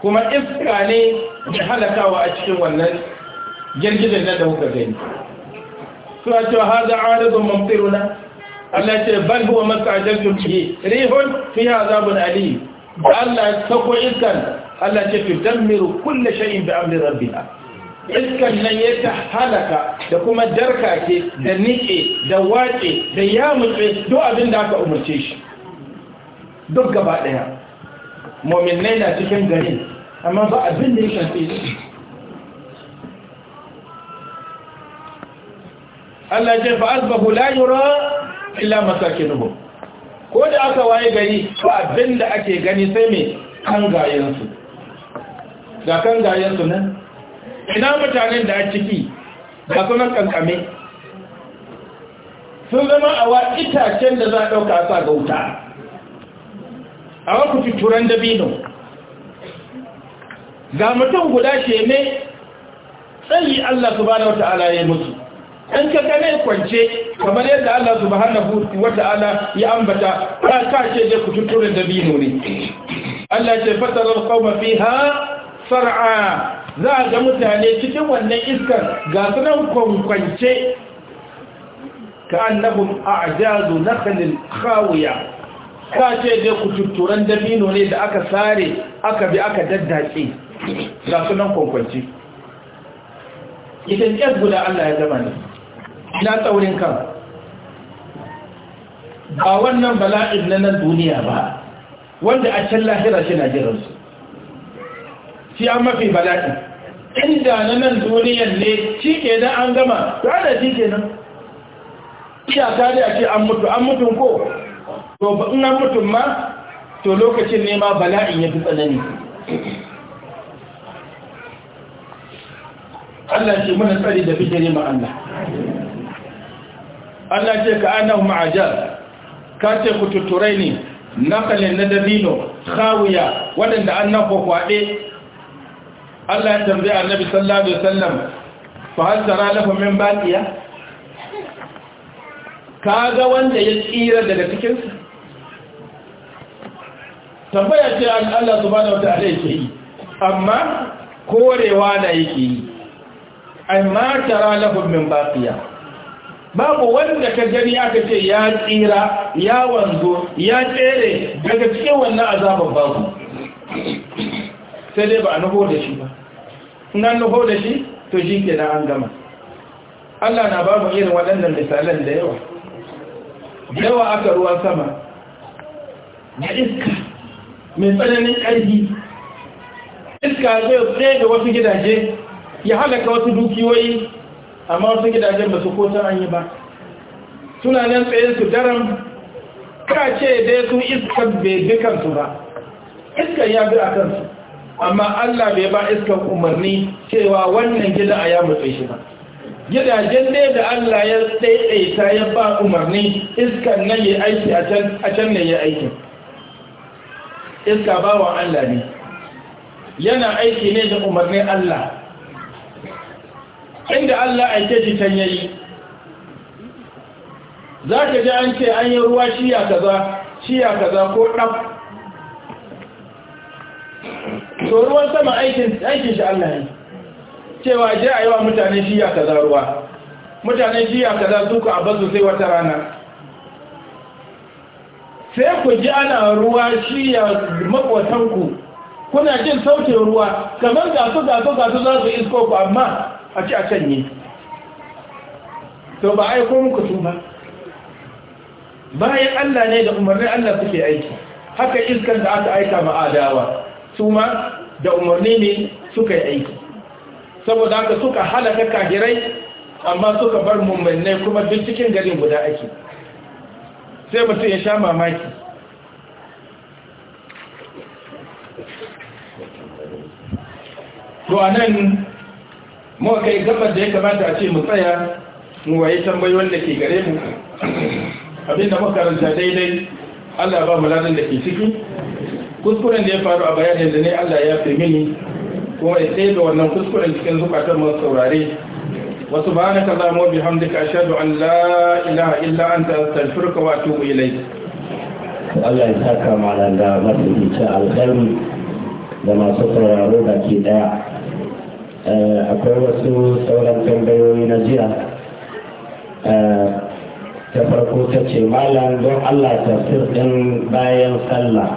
kuma iska ne da halakawa a cikin wannan girgizar nan da muka gani suna cewa haza aridun mamfiruna Allah ce bal huwa mas'ajalun bihi rihun fiha azabun alim da Allah ya sako iskan Allah ce tudammiru kulli shay'in bi amri rabbiha iskan nan ya ta halaka da kuma jarkake da nike da wace da yamutse duk abin da aka umarce shi duk gaba daya mu'minai na cikin garin amma ba abin da ya Allah ce fa asbahu la yura illa masakinuhu ko da aka waye gari to abin da ake gani sai mai kangayensu ga kangayensu nan ina mutanen da a ciki ga kuma kankame sun zama awa itacen da za a ɗauka sa ga wuta a waku fituran dabino ga mutum guda sheme tsayi Allah subhanahu wata ala ya mutu in ka gane kwance kamar yadda Allah subhanahu wa ta'ala ya ambata ka kace da kututturen da bino ne Allah ya fatara alqawma fiha sar'a za a ga mutane cikin wannan iskar ga sunan kwankwance ka annabun a'jazu nakhlin khawiya ka ce dai kututturen dabino ne da aka sare aka bi aka daddace ga sunan kwankwance idan ƙyar guda Allah ya zama ne ina tsaurin kan ba wannan bala'in na nan duniya ba wanda a can lahira shi na jiransu shi an mafi bala'in inda na nan duniyan ne shi ke nan an gama ranar shi ke nan iyaka da ake an mutu an mutu ko to ba in an mutu ma to lokacin ne ma bala'in ya fi tsanani Allah shi muna tsari da fi jere Allah Allah ce ka annahu ma'ajal ka ce kututturai ne nakalin na dabino khawiya waɗanda an nan kwakwaɗe Allah ya tambaye annabi sallallahu alaihi wasallam fa hal tara lahu min baqiya kaga wanda ya tsira daga cikin su tambaya ce Allah subhanahu wataala yake yi amma korewa da yake yi amma tara lahu min baqiya babu wanda ka gani aka ce ya tsira ya wanzo ya tsere daga cikin wannan azabar babu sai dai ba a nufo da shi ba na nufo da shi to shi ke na an gama Allah na babu irin waɗannan misalan da yawa yawa aka ruwan sama da iska mai tsananin ƙarfi iska zai tsaye da wasu gidaje ya halaka wasu dukiyoyi amma wasu gidajen ba su kotar an yi ba suna nan tsaye su daren ka ce dai su iskar bai bi kansu ba iskar ya bi a kansu amma allah bai ba iskar umarni cewa wannan gida a ya mutu shi ba gidajen ne da allah ya ɗaiɗaita ya ba umarni iskar nan ya aiki a can ne ya aiki iska bawan allah ne yana aiki ne da umarnin allah inda Allah aike shi can yayi za ka ji an ce an yi ruwa shiya kaza shiya kaza ko ɗaf to ruwan sama aikin shi Allah ne cewa je a yi wa mutane shiya kaza ruwa mutane shiya kaza suka abazu sai wata rana sai ku ji ana ruwa shiya makwatanku kuna jin sautin ruwa kamar gasu gasu gasu za su isko ku amma a ci a can yi. to ba a yi ko ba bayan allah ne da umarni allah suke aiki haka iskan da aka aika ma'adawa su ma da umarni ne suka yi aiki saboda haka suka halaka kahirai amma suka bar mummanai kuma duk cikin garin guda ake sai mutum ya sha mamaki to a nan muka kai gabar da ya kamata a ce mu tsaya mu waye tambayoyin da ke gare mu abinda makaranta daidai Allah ba mu da ke ciki kuskuren da ya faru a bayanin da ne Allah ya fi mini kuma ya tsaye da wannan kuskuren cikin zukatar mu saurare wa subhanaka allahumma mu bihamdika ashhadu an la ilaha
illa anta astaghfiruka wa atubu ilayk Allah ya saka malam da masu alkhairi da masu sauraro da ke daya Eh, akwai wasu sauran tambayoyi na jiya eh, ta farko ta ce malam don allah tafsir din bayan sallah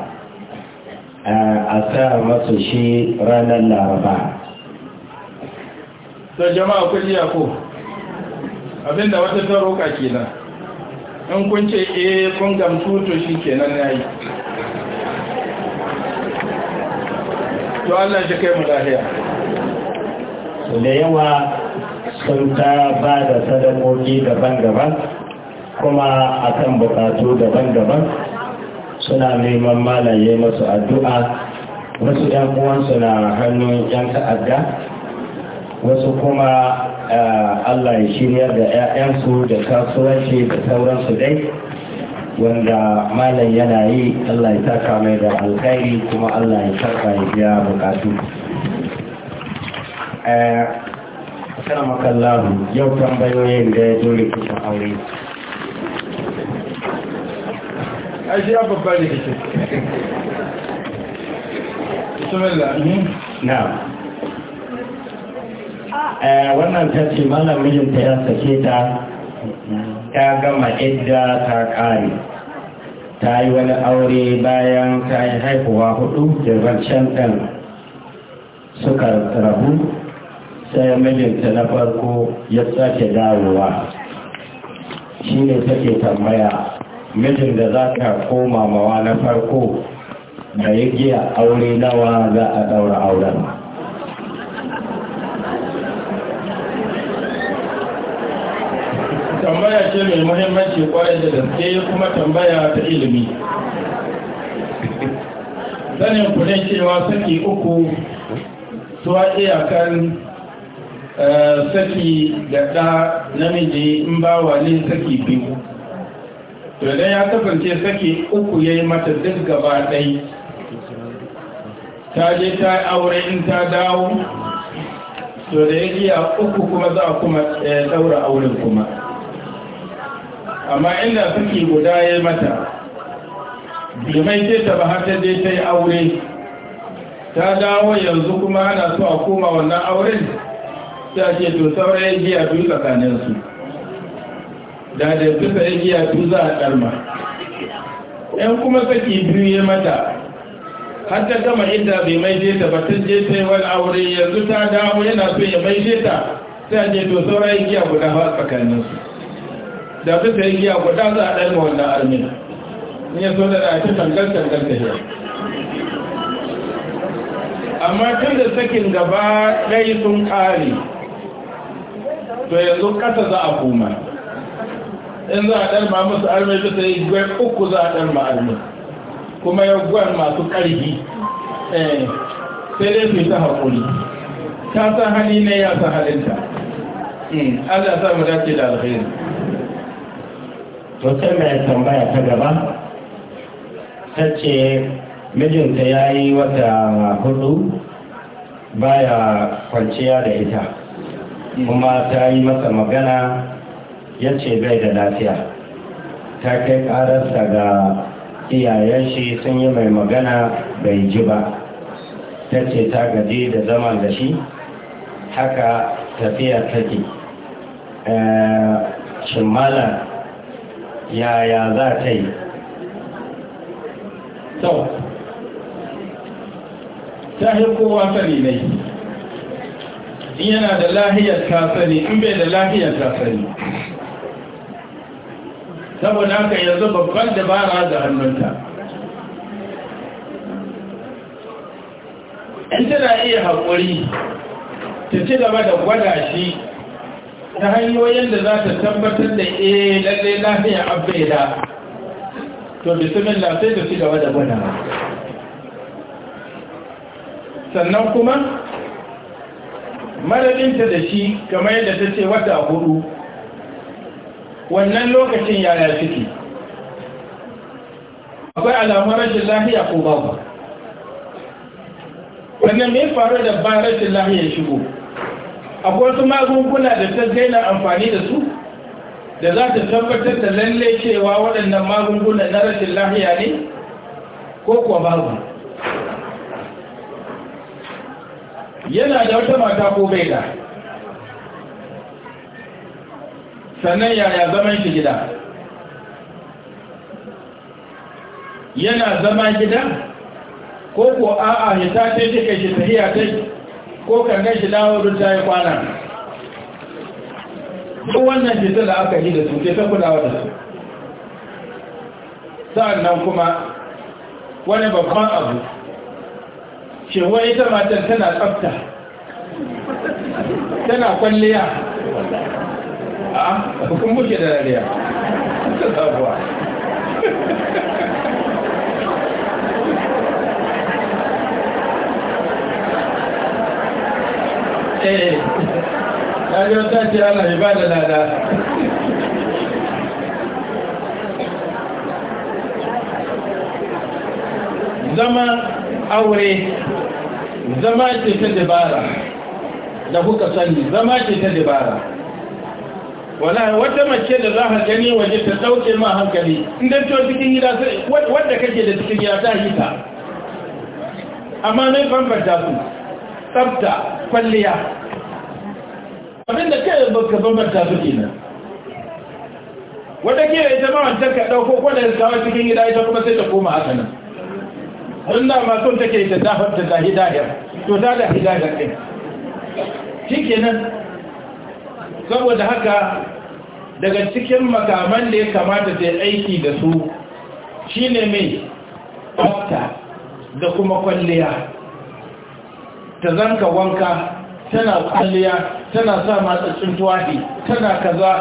eh, a sa masu shi ranar laraba
ta jama'a kun iya ko abinda wata ta roƙa kenan in kun ce eh kun gamsu to shi kenan ya yi
to allah shi kai mu lahiya da yawa sun ta ba da sadakoki daban-daban kuma a kan bukatu daban-daban suna neman malaye masu addu'a wasu ‘yan uwansu na hannun ‘yan ta'adda wasu kuma eh, Allah ya shirya da ‘ya'yansu da kasuwanci da sauransu dai wanda malam yana yi Allah ya taka mai da alkhairi kuma Allah ya taka ya biya bukatu. Asana makallahu yau tambayoyin da ya dole rikicin aure.
Ashe ya babba rikicin.
Bismillah. Na. Eh, wannan ta ce malam ya sake ta ta gama idda ta ƙare. Ta yi wani aure bayan ta yi haihuwa hudu da can ɗan suka rabu sai mijinta na farko ya sake dawowa shi ne take tambaya mijin da za ka koma mawa na farko da ya giya aure nawa za a daura auren
tambaya ce mai muhimmanci kwarai da gaske kuma tambaya ta ilimi sanin kudin cewa suke uku tuwa iyakan Eh, saki da ɗa namiji in ba ne saki biyu to idan ya kasance saki uku ya yi mata duk gaba ɗai ta je ta aure in ta dawo to da ya iya uku kuma za a kuma eh, ɗaura auren kuma amma inda saki guda ya yi mata jimai ce ta ba hata dai ta yi aure ta dawo yanzu kuma ana so a koma wannan auren sai ce to saura giya biyu tsakaninsu da da fisa ya giya biyu za a ɗarma ‘yan kuma saki biyu ya mata har ta gama inda bai mai ta ba ta je ta yi wani aure yanzu ta damu yana so ya maije ta sai ce to saurayi ya giya guda ba tsakaninsu da fisa ya giya guda za a ɗarma wannan armina in ya so da a ta tangar tangar ta
amma tun da sakin gaba ɗaya sun ƙare to yanzu kasa za a koma in za
a ɗarma musu arme bisa yi gwai uku za a ɗarma arme kuma ya gwar masu ƙarfi eh, sai dai su ta haƙuri ta san hali ne ya
san halinta hmm, Allah sa mu dace da alheri. to sai mai tambaya ta gaba ta ce mijinta ya yi wata hudu baya kwanciya da ita kuma ta yi masa magana ya ce bai da lafiya ta kai ƙararsa ga iyayen shi sun yi mai magana bai ji ba ta ce ta gaji da zama da shi haka tafiya take eh, shimala yaya za ta yi ta
kowa ta ne in yana da lahiyar kasani in bai da lahiyar kasani saboda haka yanzu babban dabara da hannunta in tana iya haƙuri ta ci gaba da gwada shi ta hanyoyin da za ta tabbatar da e lalle lafiya abbaida to bismillah sai ta ci gaba da gwada sannan kuma madadinta da shi kamar yadda ta ce wata hudu wannan lokacin yaya ciki akwai alamun rashin lahiya ko babu wannan mai faru da ba rashin lahiya shigo akwai wasu magunguna da ta daina amfani da su da za ta tabbatar da lalle cewa waɗannan magunguna na rashin lahiya ne ko kuwa babu yana da wata mata ko bai da sannan yaya zaman shi gida yana zama gida ko ko a'a ya ta ce shi kai shi tahiya ta ko kan shi dawo duk ta yi kwana ko wannan shi tana aka yi da su ke ta kulawa da su nan kuma wani babban abu cewa ita matan tana tsafta tana kwalliya a kun muke da dariya,
ta sabuwa eh
ta ji wata ce ana yi ba da lada zama aure zama ce ta dabara da kuka sani zama ce ta dabara wala wata mace da za ka gani waje ta dauke ma hankali inda to cikin gida wanda kake da cikin gida ta yi ta amma ne bambanta ku tsafta kwalliya abinda kai baka bambanta su kenan wata kira ita ma wancan ka dauko kwanar kawo cikin gida ita kuma sai ta koma haka nan wannan ma masu take ta dafar da dahi dahiyar to ta dahi dahiyar ɗin shi kenan saboda haka daga cikin makaman da ya kamata ta aiki da su shine mai tsafta da kuma kwalliya ta zanka wanka tana kwalliya tana sa matsacin tuwaɗi tana kaza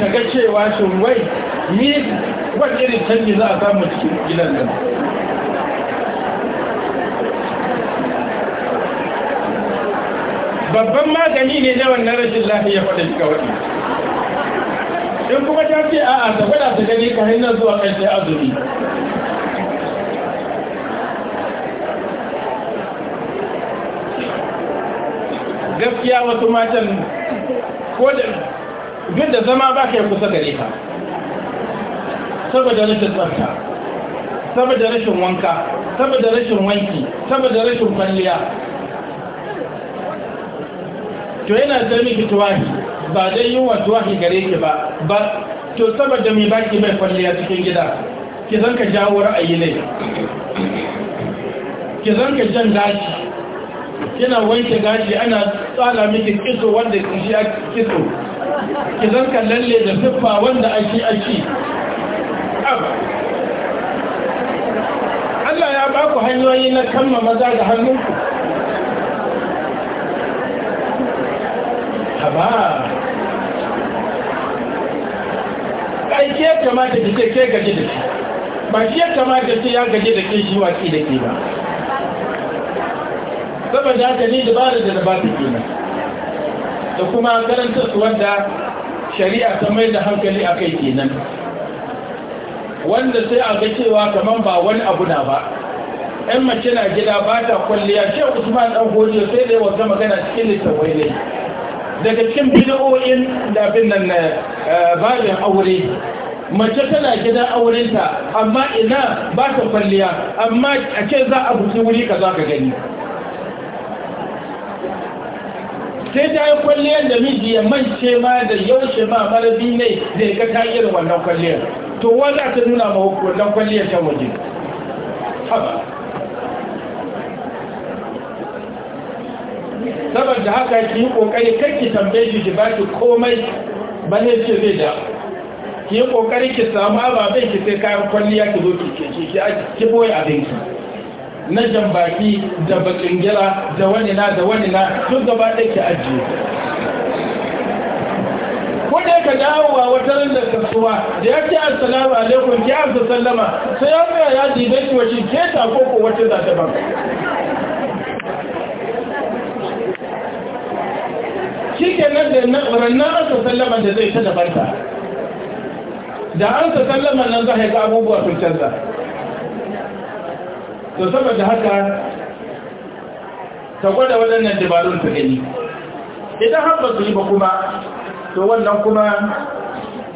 ta ga cewa shi wai ni wani irin canji za a samu cikin gidan nan babban magani ne na wannan rashin lafiya wadda shi kawai in kuma ta ce a'a ta gwada ta gani ka hanyar zuwa sai azumi gaskiya wasu matan ko da duk da zama ba ka yi kusa gare ka saboda rashin tsarka saboda rashin wanka saboda rashin wanki saboda rashin kwalliya to yana zarmi ki tuwahi ba dai yin wa tuwahi gare ki ba ba to saboda mai baki mai kwalliya cikin gida ki zanka jawo ra'ayi ne ki zanka jan gashi kina wanke gashi ana tsala miki kiso wanda shi a kiso ki zanka lalle da siffa wanda a shi Allah ya ba ku hanyoyi na kamma maza da hannunku ba ai ke kamata ki ce ke gaje da shi ba shi ya kamata ce ya gaje da ke shi watsi da ke ba saboda haka ni dabara da dabara ke nan da kuma karanta su wanda shari'a ta mai da hankali a kai kenan wanda sai a ga cewa kamar ba wani abu na ba ƴan mace na gida ba ta kwalliya ce usman ɗan goje sai dai wata magana cikin littattafai ne daga cikin bidiyoyin da bin nan eh, eh, babin aure mace tana gida aurenta amma ina ba ta kwalliya amma a ce za a buci wuri ka za ka gani sai ta yi kwalliyar da miji ya mance ma da yaushe ma marabi ne zai ga ta irin wannan kwalliyar to wanda ta nuna ma wannan kwalliyar ta waje saboda haka ki yi kokari ki tambaye shi ki baki komai ba ne ce zai da ki yi kokari ki samu ababen ki sai kayan kwalliya ki zo ki ke ki ki boye abinki na jambaki da bakin gira da wani na da wani na duk gaba ɗaya ki ajiye ko da ka dawowa wata ran da kasuwa da ya ce assalamu alaikum ki amsa sallama sai ya tsaya ya dibe ki wace ke ta ko ko wace za ta ban shi ke nan da rannan rasa sallama da zai ta dabanta da an sa sallama nan za a ga abubuwa sun canza to saboda haka ta gwada waɗannan dabarun ta gani idan har ba su yi ba kuma to wannan kuma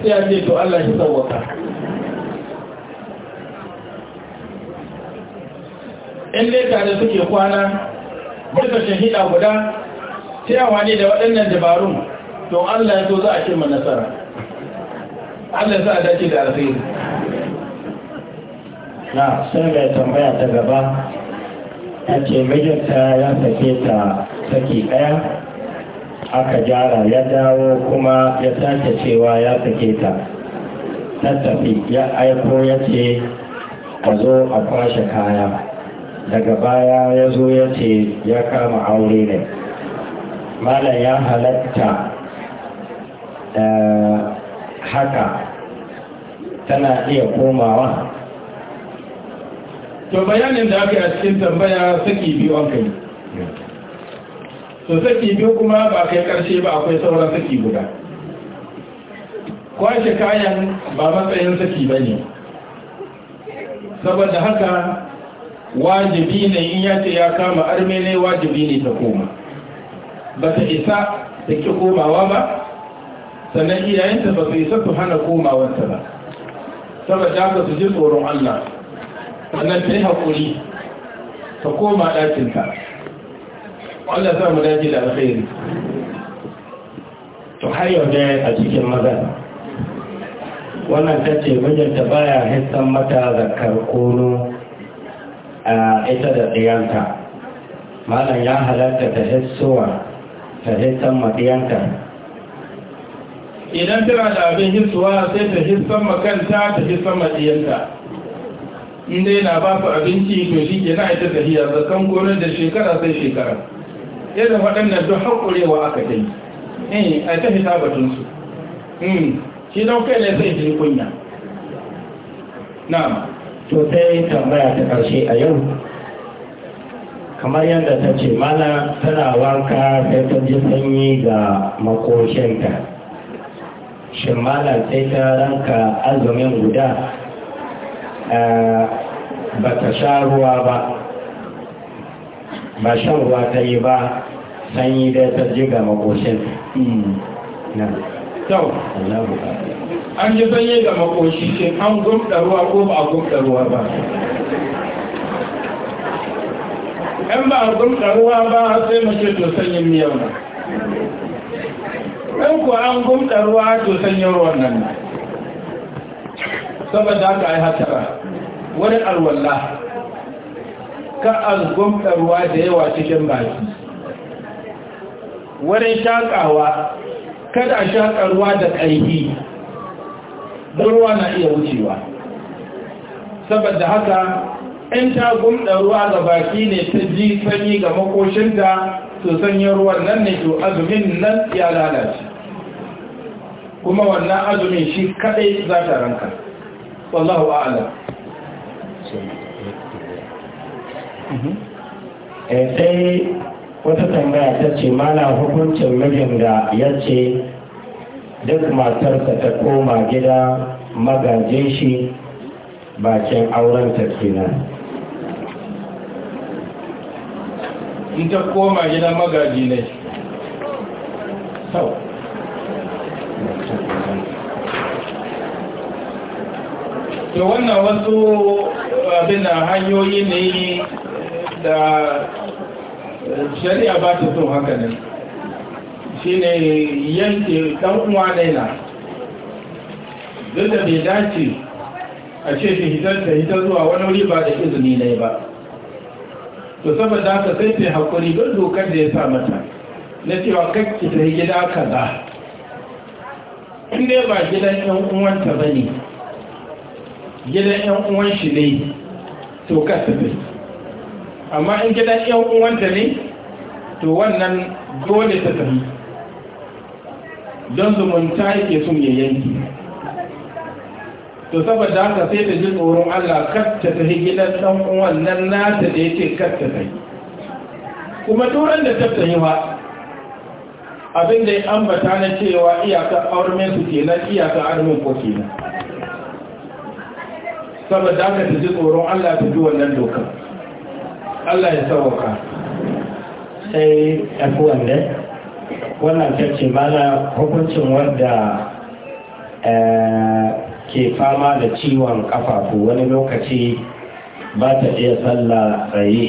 sai a ce to Allah shi sauwaka in dai tare suke kwana duka shahida guda sai ne da waɗannan dabarun don Allah ya so za a cimma nasara Allah za a
dace da alkhairi na sun mai tambaya ta gaba ya ce mijinta ya sake ta saki ɗaya aka gyara ya dawo kuma ya sake cewa ya sake ta ta tafi ya aiko ya ce ka zo a kwashe kaya daga baya ya zo ya ce ya kama aure ne mala ya halatta eh, haka tana iya komawa
to bayanin da aka yi a cikin tambaya saki biyu an kai to saki biyu kuma ba kai karshe ba akwai sauran saki guda kwashe kayan ba matsayin saki ba ne saboda haka wajibi ne in ya ce ya kama arme wajibi ne ta koma ba ta isa ta ki komawa ba sannan iyayenta ba su isa su hana komawanta ba saboda haka su ji tsoron Allah sannan ta yi haƙuri ta koma ɗakinta Allah za mu daji da alkhairi
to har yau dai a cikin maza wannan ta ce mijinta baya hissan mata zakar kono a ita da ɗiyanta malam ya halatta ta hissowa ta hissan maɗiyanka
idan tana da abin hissuwa sai ta hissan makanta ta hissan maɗiyanka inda yana ba su abinci to shi ke na ita tafiya zakan gonar da shekara sai shekara yadda waɗannan duk haƙurewa aka ta yi eh, a ta hita batunsu hmm, shi don kai ne sai shi kunya
na to sai tambaya ta ƙarshe a yau kamar yadda ta ce mana tana wanka sai ta ji sanyi ga makoshinta shin mana sai ta ranka azumin guda eh, ba ta sha ruwa ba ba shan ruwa ta yi ba sanyi dai ta ji ga makoshinta kyau
an ji sanyi ga makoshi an gumɗa ruwa ko ba a gumɗa ruwa ba in ba a gumta ruwa ba sai mace to sanyin miyar ba. in ku an gumta ruwa to sanyin ruwan nan ba. saboda haka ai hatara wani alwallah ka an gumta ruwa da yawa cikin baki wani shakawa kada a shaƙa ruwa da ƙaihi don ruwa na iya wucewa saboda haka in ta gumda ruwa ga baki ne ta ji sanyi ga makoshinta to sanya ruwan nan ne to azumin nan ya lalace kuma wannan azumin shi kadai za ta ranka wallahu a'ala
eh, sai wata tambaya ta ce mana hukuncin mijin da ya ce duk matarsa ta koma gida magajin shi bakin auren ta kenan
in ta koma gidan magaji ne sau to wannan wasu abin da hanyoyi ne da shari'a ba ta so haka ne shi ne yanke ɗan'uwa daina duk da bai dace a ce shi hitar ta hitar zuwa wani wuri ba da izini ne ba to saboda haka sai ta haƙuri don dokar da ya sa mata na cewa kakki ta yi gida ka in inda ba gidan yan uwanta ba ne gidan yan uwan shi ne to ka tafi amma in gidan yan uwanta ne to wannan dole ta tafi don zumunta yake sun yayyanki to saboda haka sai ta ji tsoron Allah katta ta gidan dan uwan nan nata da yake katta ta kuma duran da ta yi wa abin da ya ambata na cewa iyaka auren su kenan iyaka armin ko kenan saboda haka ta ji tsoron Allah ta ji wannan dokar
Allah ya sauka sai afuwan wanda wannan ta ce na hukuncin wanda eh, ke fama da ciwon ƙafafu wani lokaci ba ta iya sallah tsaye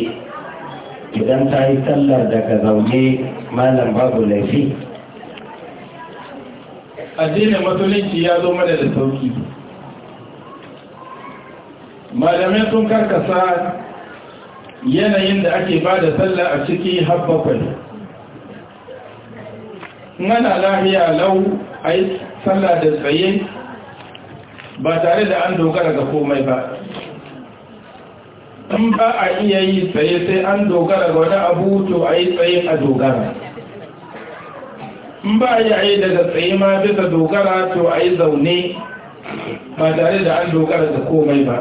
idan ta yi sallar daga zaune malam babu laifi
addinin musulunci ya zo mana da sauki malamai sun karkasa yanayin da ake ba da sallah a ciki har mana lafiya lahiya lau a yi sallah da tsaye ba tare da an dogara ga komai ba in ba a iya yi tsaye sai an dogara ga wani abu to a yi tsaye a dogara in ba a yi a yi daga tsaye ma bisa dogara to a yi zaune ba tare da an dogara ga komai ba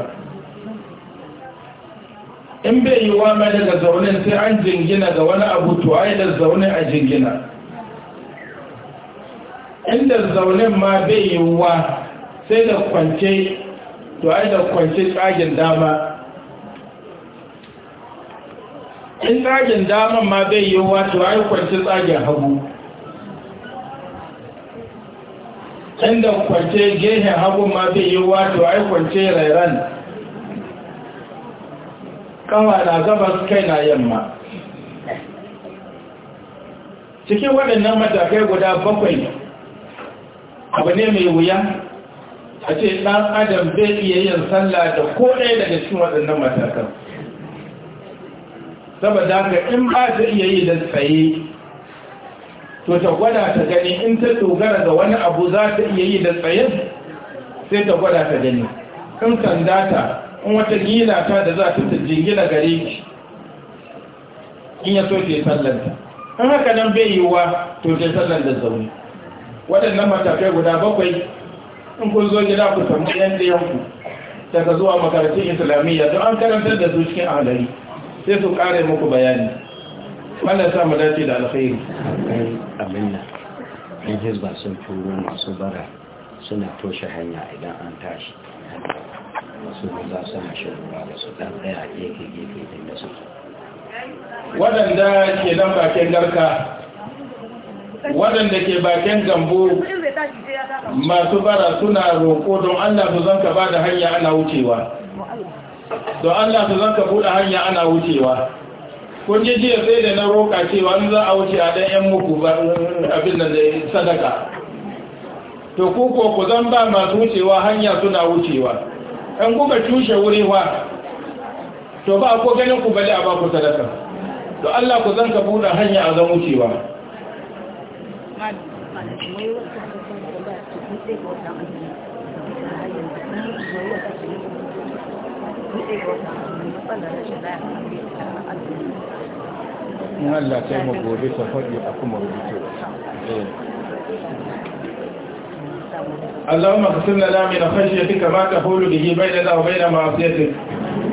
in bai yi wa mai daga zaune sai an jingina ga wani abu to a yi da zaune a jingina inda zaunin ma bai yi wa sai da kwance to ai da kwance tsagen dama in tsagen daman ma bai yi to ai kwance tsagen hagu inda kwance gehen hagu ma bai yi to ai kwance rairan kawa na gabas kai na yamma cikin waɗannan matakai guda bakwai abu ne mai wuya a ce ɗan adam zai iya yin sallah da ko ɗaya daga cikin waɗannan matakan saboda haka in ba ta iya yi da tsaye to ta gwada ta gani in ta dogara ga wani abu za ta iya yi da tsaye sai ta gwada ta gani in ta in wata gina ta da za ta jingina gare ki in ya so ke sallanta in haka nan bai yiwuwa to ke sallan da zaune waɗannan matakai guda bakwai in kun zo gida ku samu yan ɗayanku daga zuwa makarantun islamiyya don an karantar da su cikin ahalari sai su ƙare muku bayani wanda sa mu dace da alkhairi
amin in hezba sun turo masu bara suna toshe hanya idan an tashi masu za su na ruwa da su ɗan tsaya gefe-gefe din da su
waɗanda ke nan bakin garka waɗanda ke bakin gambo masu bara suna
roƙo don Allah su zanka ba da hanya ana wucewa don Allah su zanka buɗe hanya ana wucewa kun ji jiya sai da na roƙa cewa in za a wuce a ɗan ‘yan muku ba abin da zai sadaka to ku ko ku zan ba masu wucewa hanya suna wucewa ɗan kuka cushe wuri wa to ba ko ganin ku bali a ba ku sadaka to Allah ku zanka buɗe hanya a zan wucewa
in Allah ta yi gobe
ta faɗi a kuma
rubutu اللهم اغفر لنا من خشيتك
ما تحول به بيننا وبين معصيتك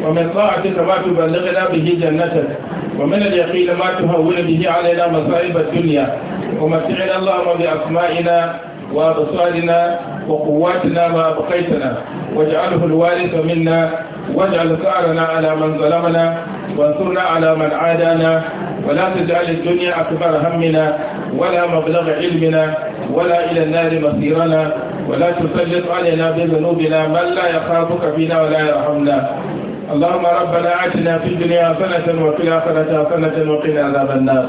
ومن طاعتك ما تبلغنا به جنتك ومن اليقين ما تهون به علينا مصائب الدنيا ومتعنا اللهم بأسمائنا وأبصارنا وقواتنا ما أبقيتنا واجعله الوارث منا واجعل ثأرنا على من ظلمنا وانصرنا على من عادانا ولا تجعل الدنيا أكبر همنا ولا مبلغ علمنا ولا إلى النار مصيرنا ولا تسلط علينا بذنوبنا من لا يخافك فينا ولا يرحمنا اللهم ربنا آتنا في الدنيا حسنة وفي الآخرة حسنة وقنا عذاب النار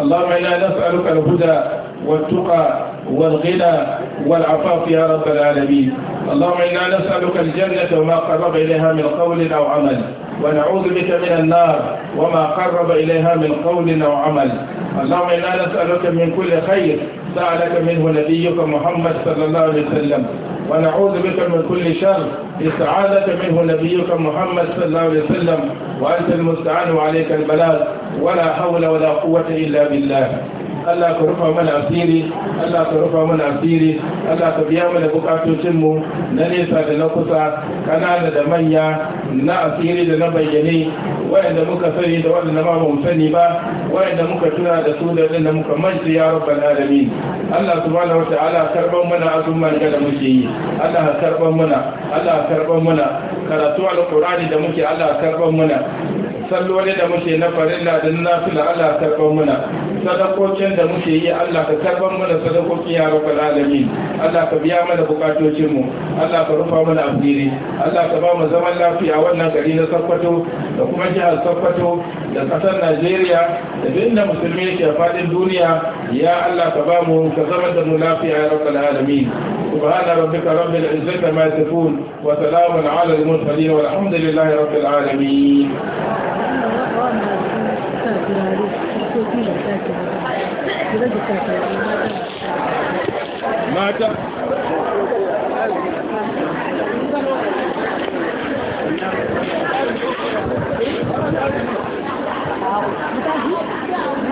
اللهم إنا نسألك الهدى والتقى والغنى والعفاف يا رب العالمين اللهم إنا نسألك الجنة وما قرب إليها من قول أو عمل ونعوذ بك من النار وما قرب إليها من قول أو عمل اللهم إنا نسألك من كل خير سألك منه نبيك محمد صلى الله عليه وسلم ونعوذ بك من كل شر استعاذك منه نبيك محمد صلى الله عليه وسلم وأنت المستعان وعليك البلاغ ولا حول ولا قوة إلا بالله Allah ka rufa mana asiri Allah ka rufa mana asiri Allah ka biya mana bukatocin mu na nesa da na kusa kanana da manya na asiri da na bayyane wayanda muka sani da wanda ba mu sani ba wayanda muka tuna da su da da muka manta ya rabbal alamin Allah subhanahu wataala karban mana azumman da muke yi Allah karban mana Allah karban mana karatu alqur'ani da muke Allah karban mana salloli da muke na farin ladin na nafila Allah ka karɓar muna sadakokin da muke yi Allah ka karɓar muna sadakokin ya rabbal alamin Allah ka biya mana bukatocin mu Allah ka rufa mana asiri Allah ka ba mu zaman lafiya wannan gari na Sakkwato da kuma jihar Sakkwato da ƙasar Najeriya da duk inda musulmi yake a faɗin duniya ya Allah ka ba mu ka zama da mu lafiya ya rabbal alamin subhana rabbika rabbil izzati ma yasifun wa salamun ala والحمد لله رب العالمين
mata não não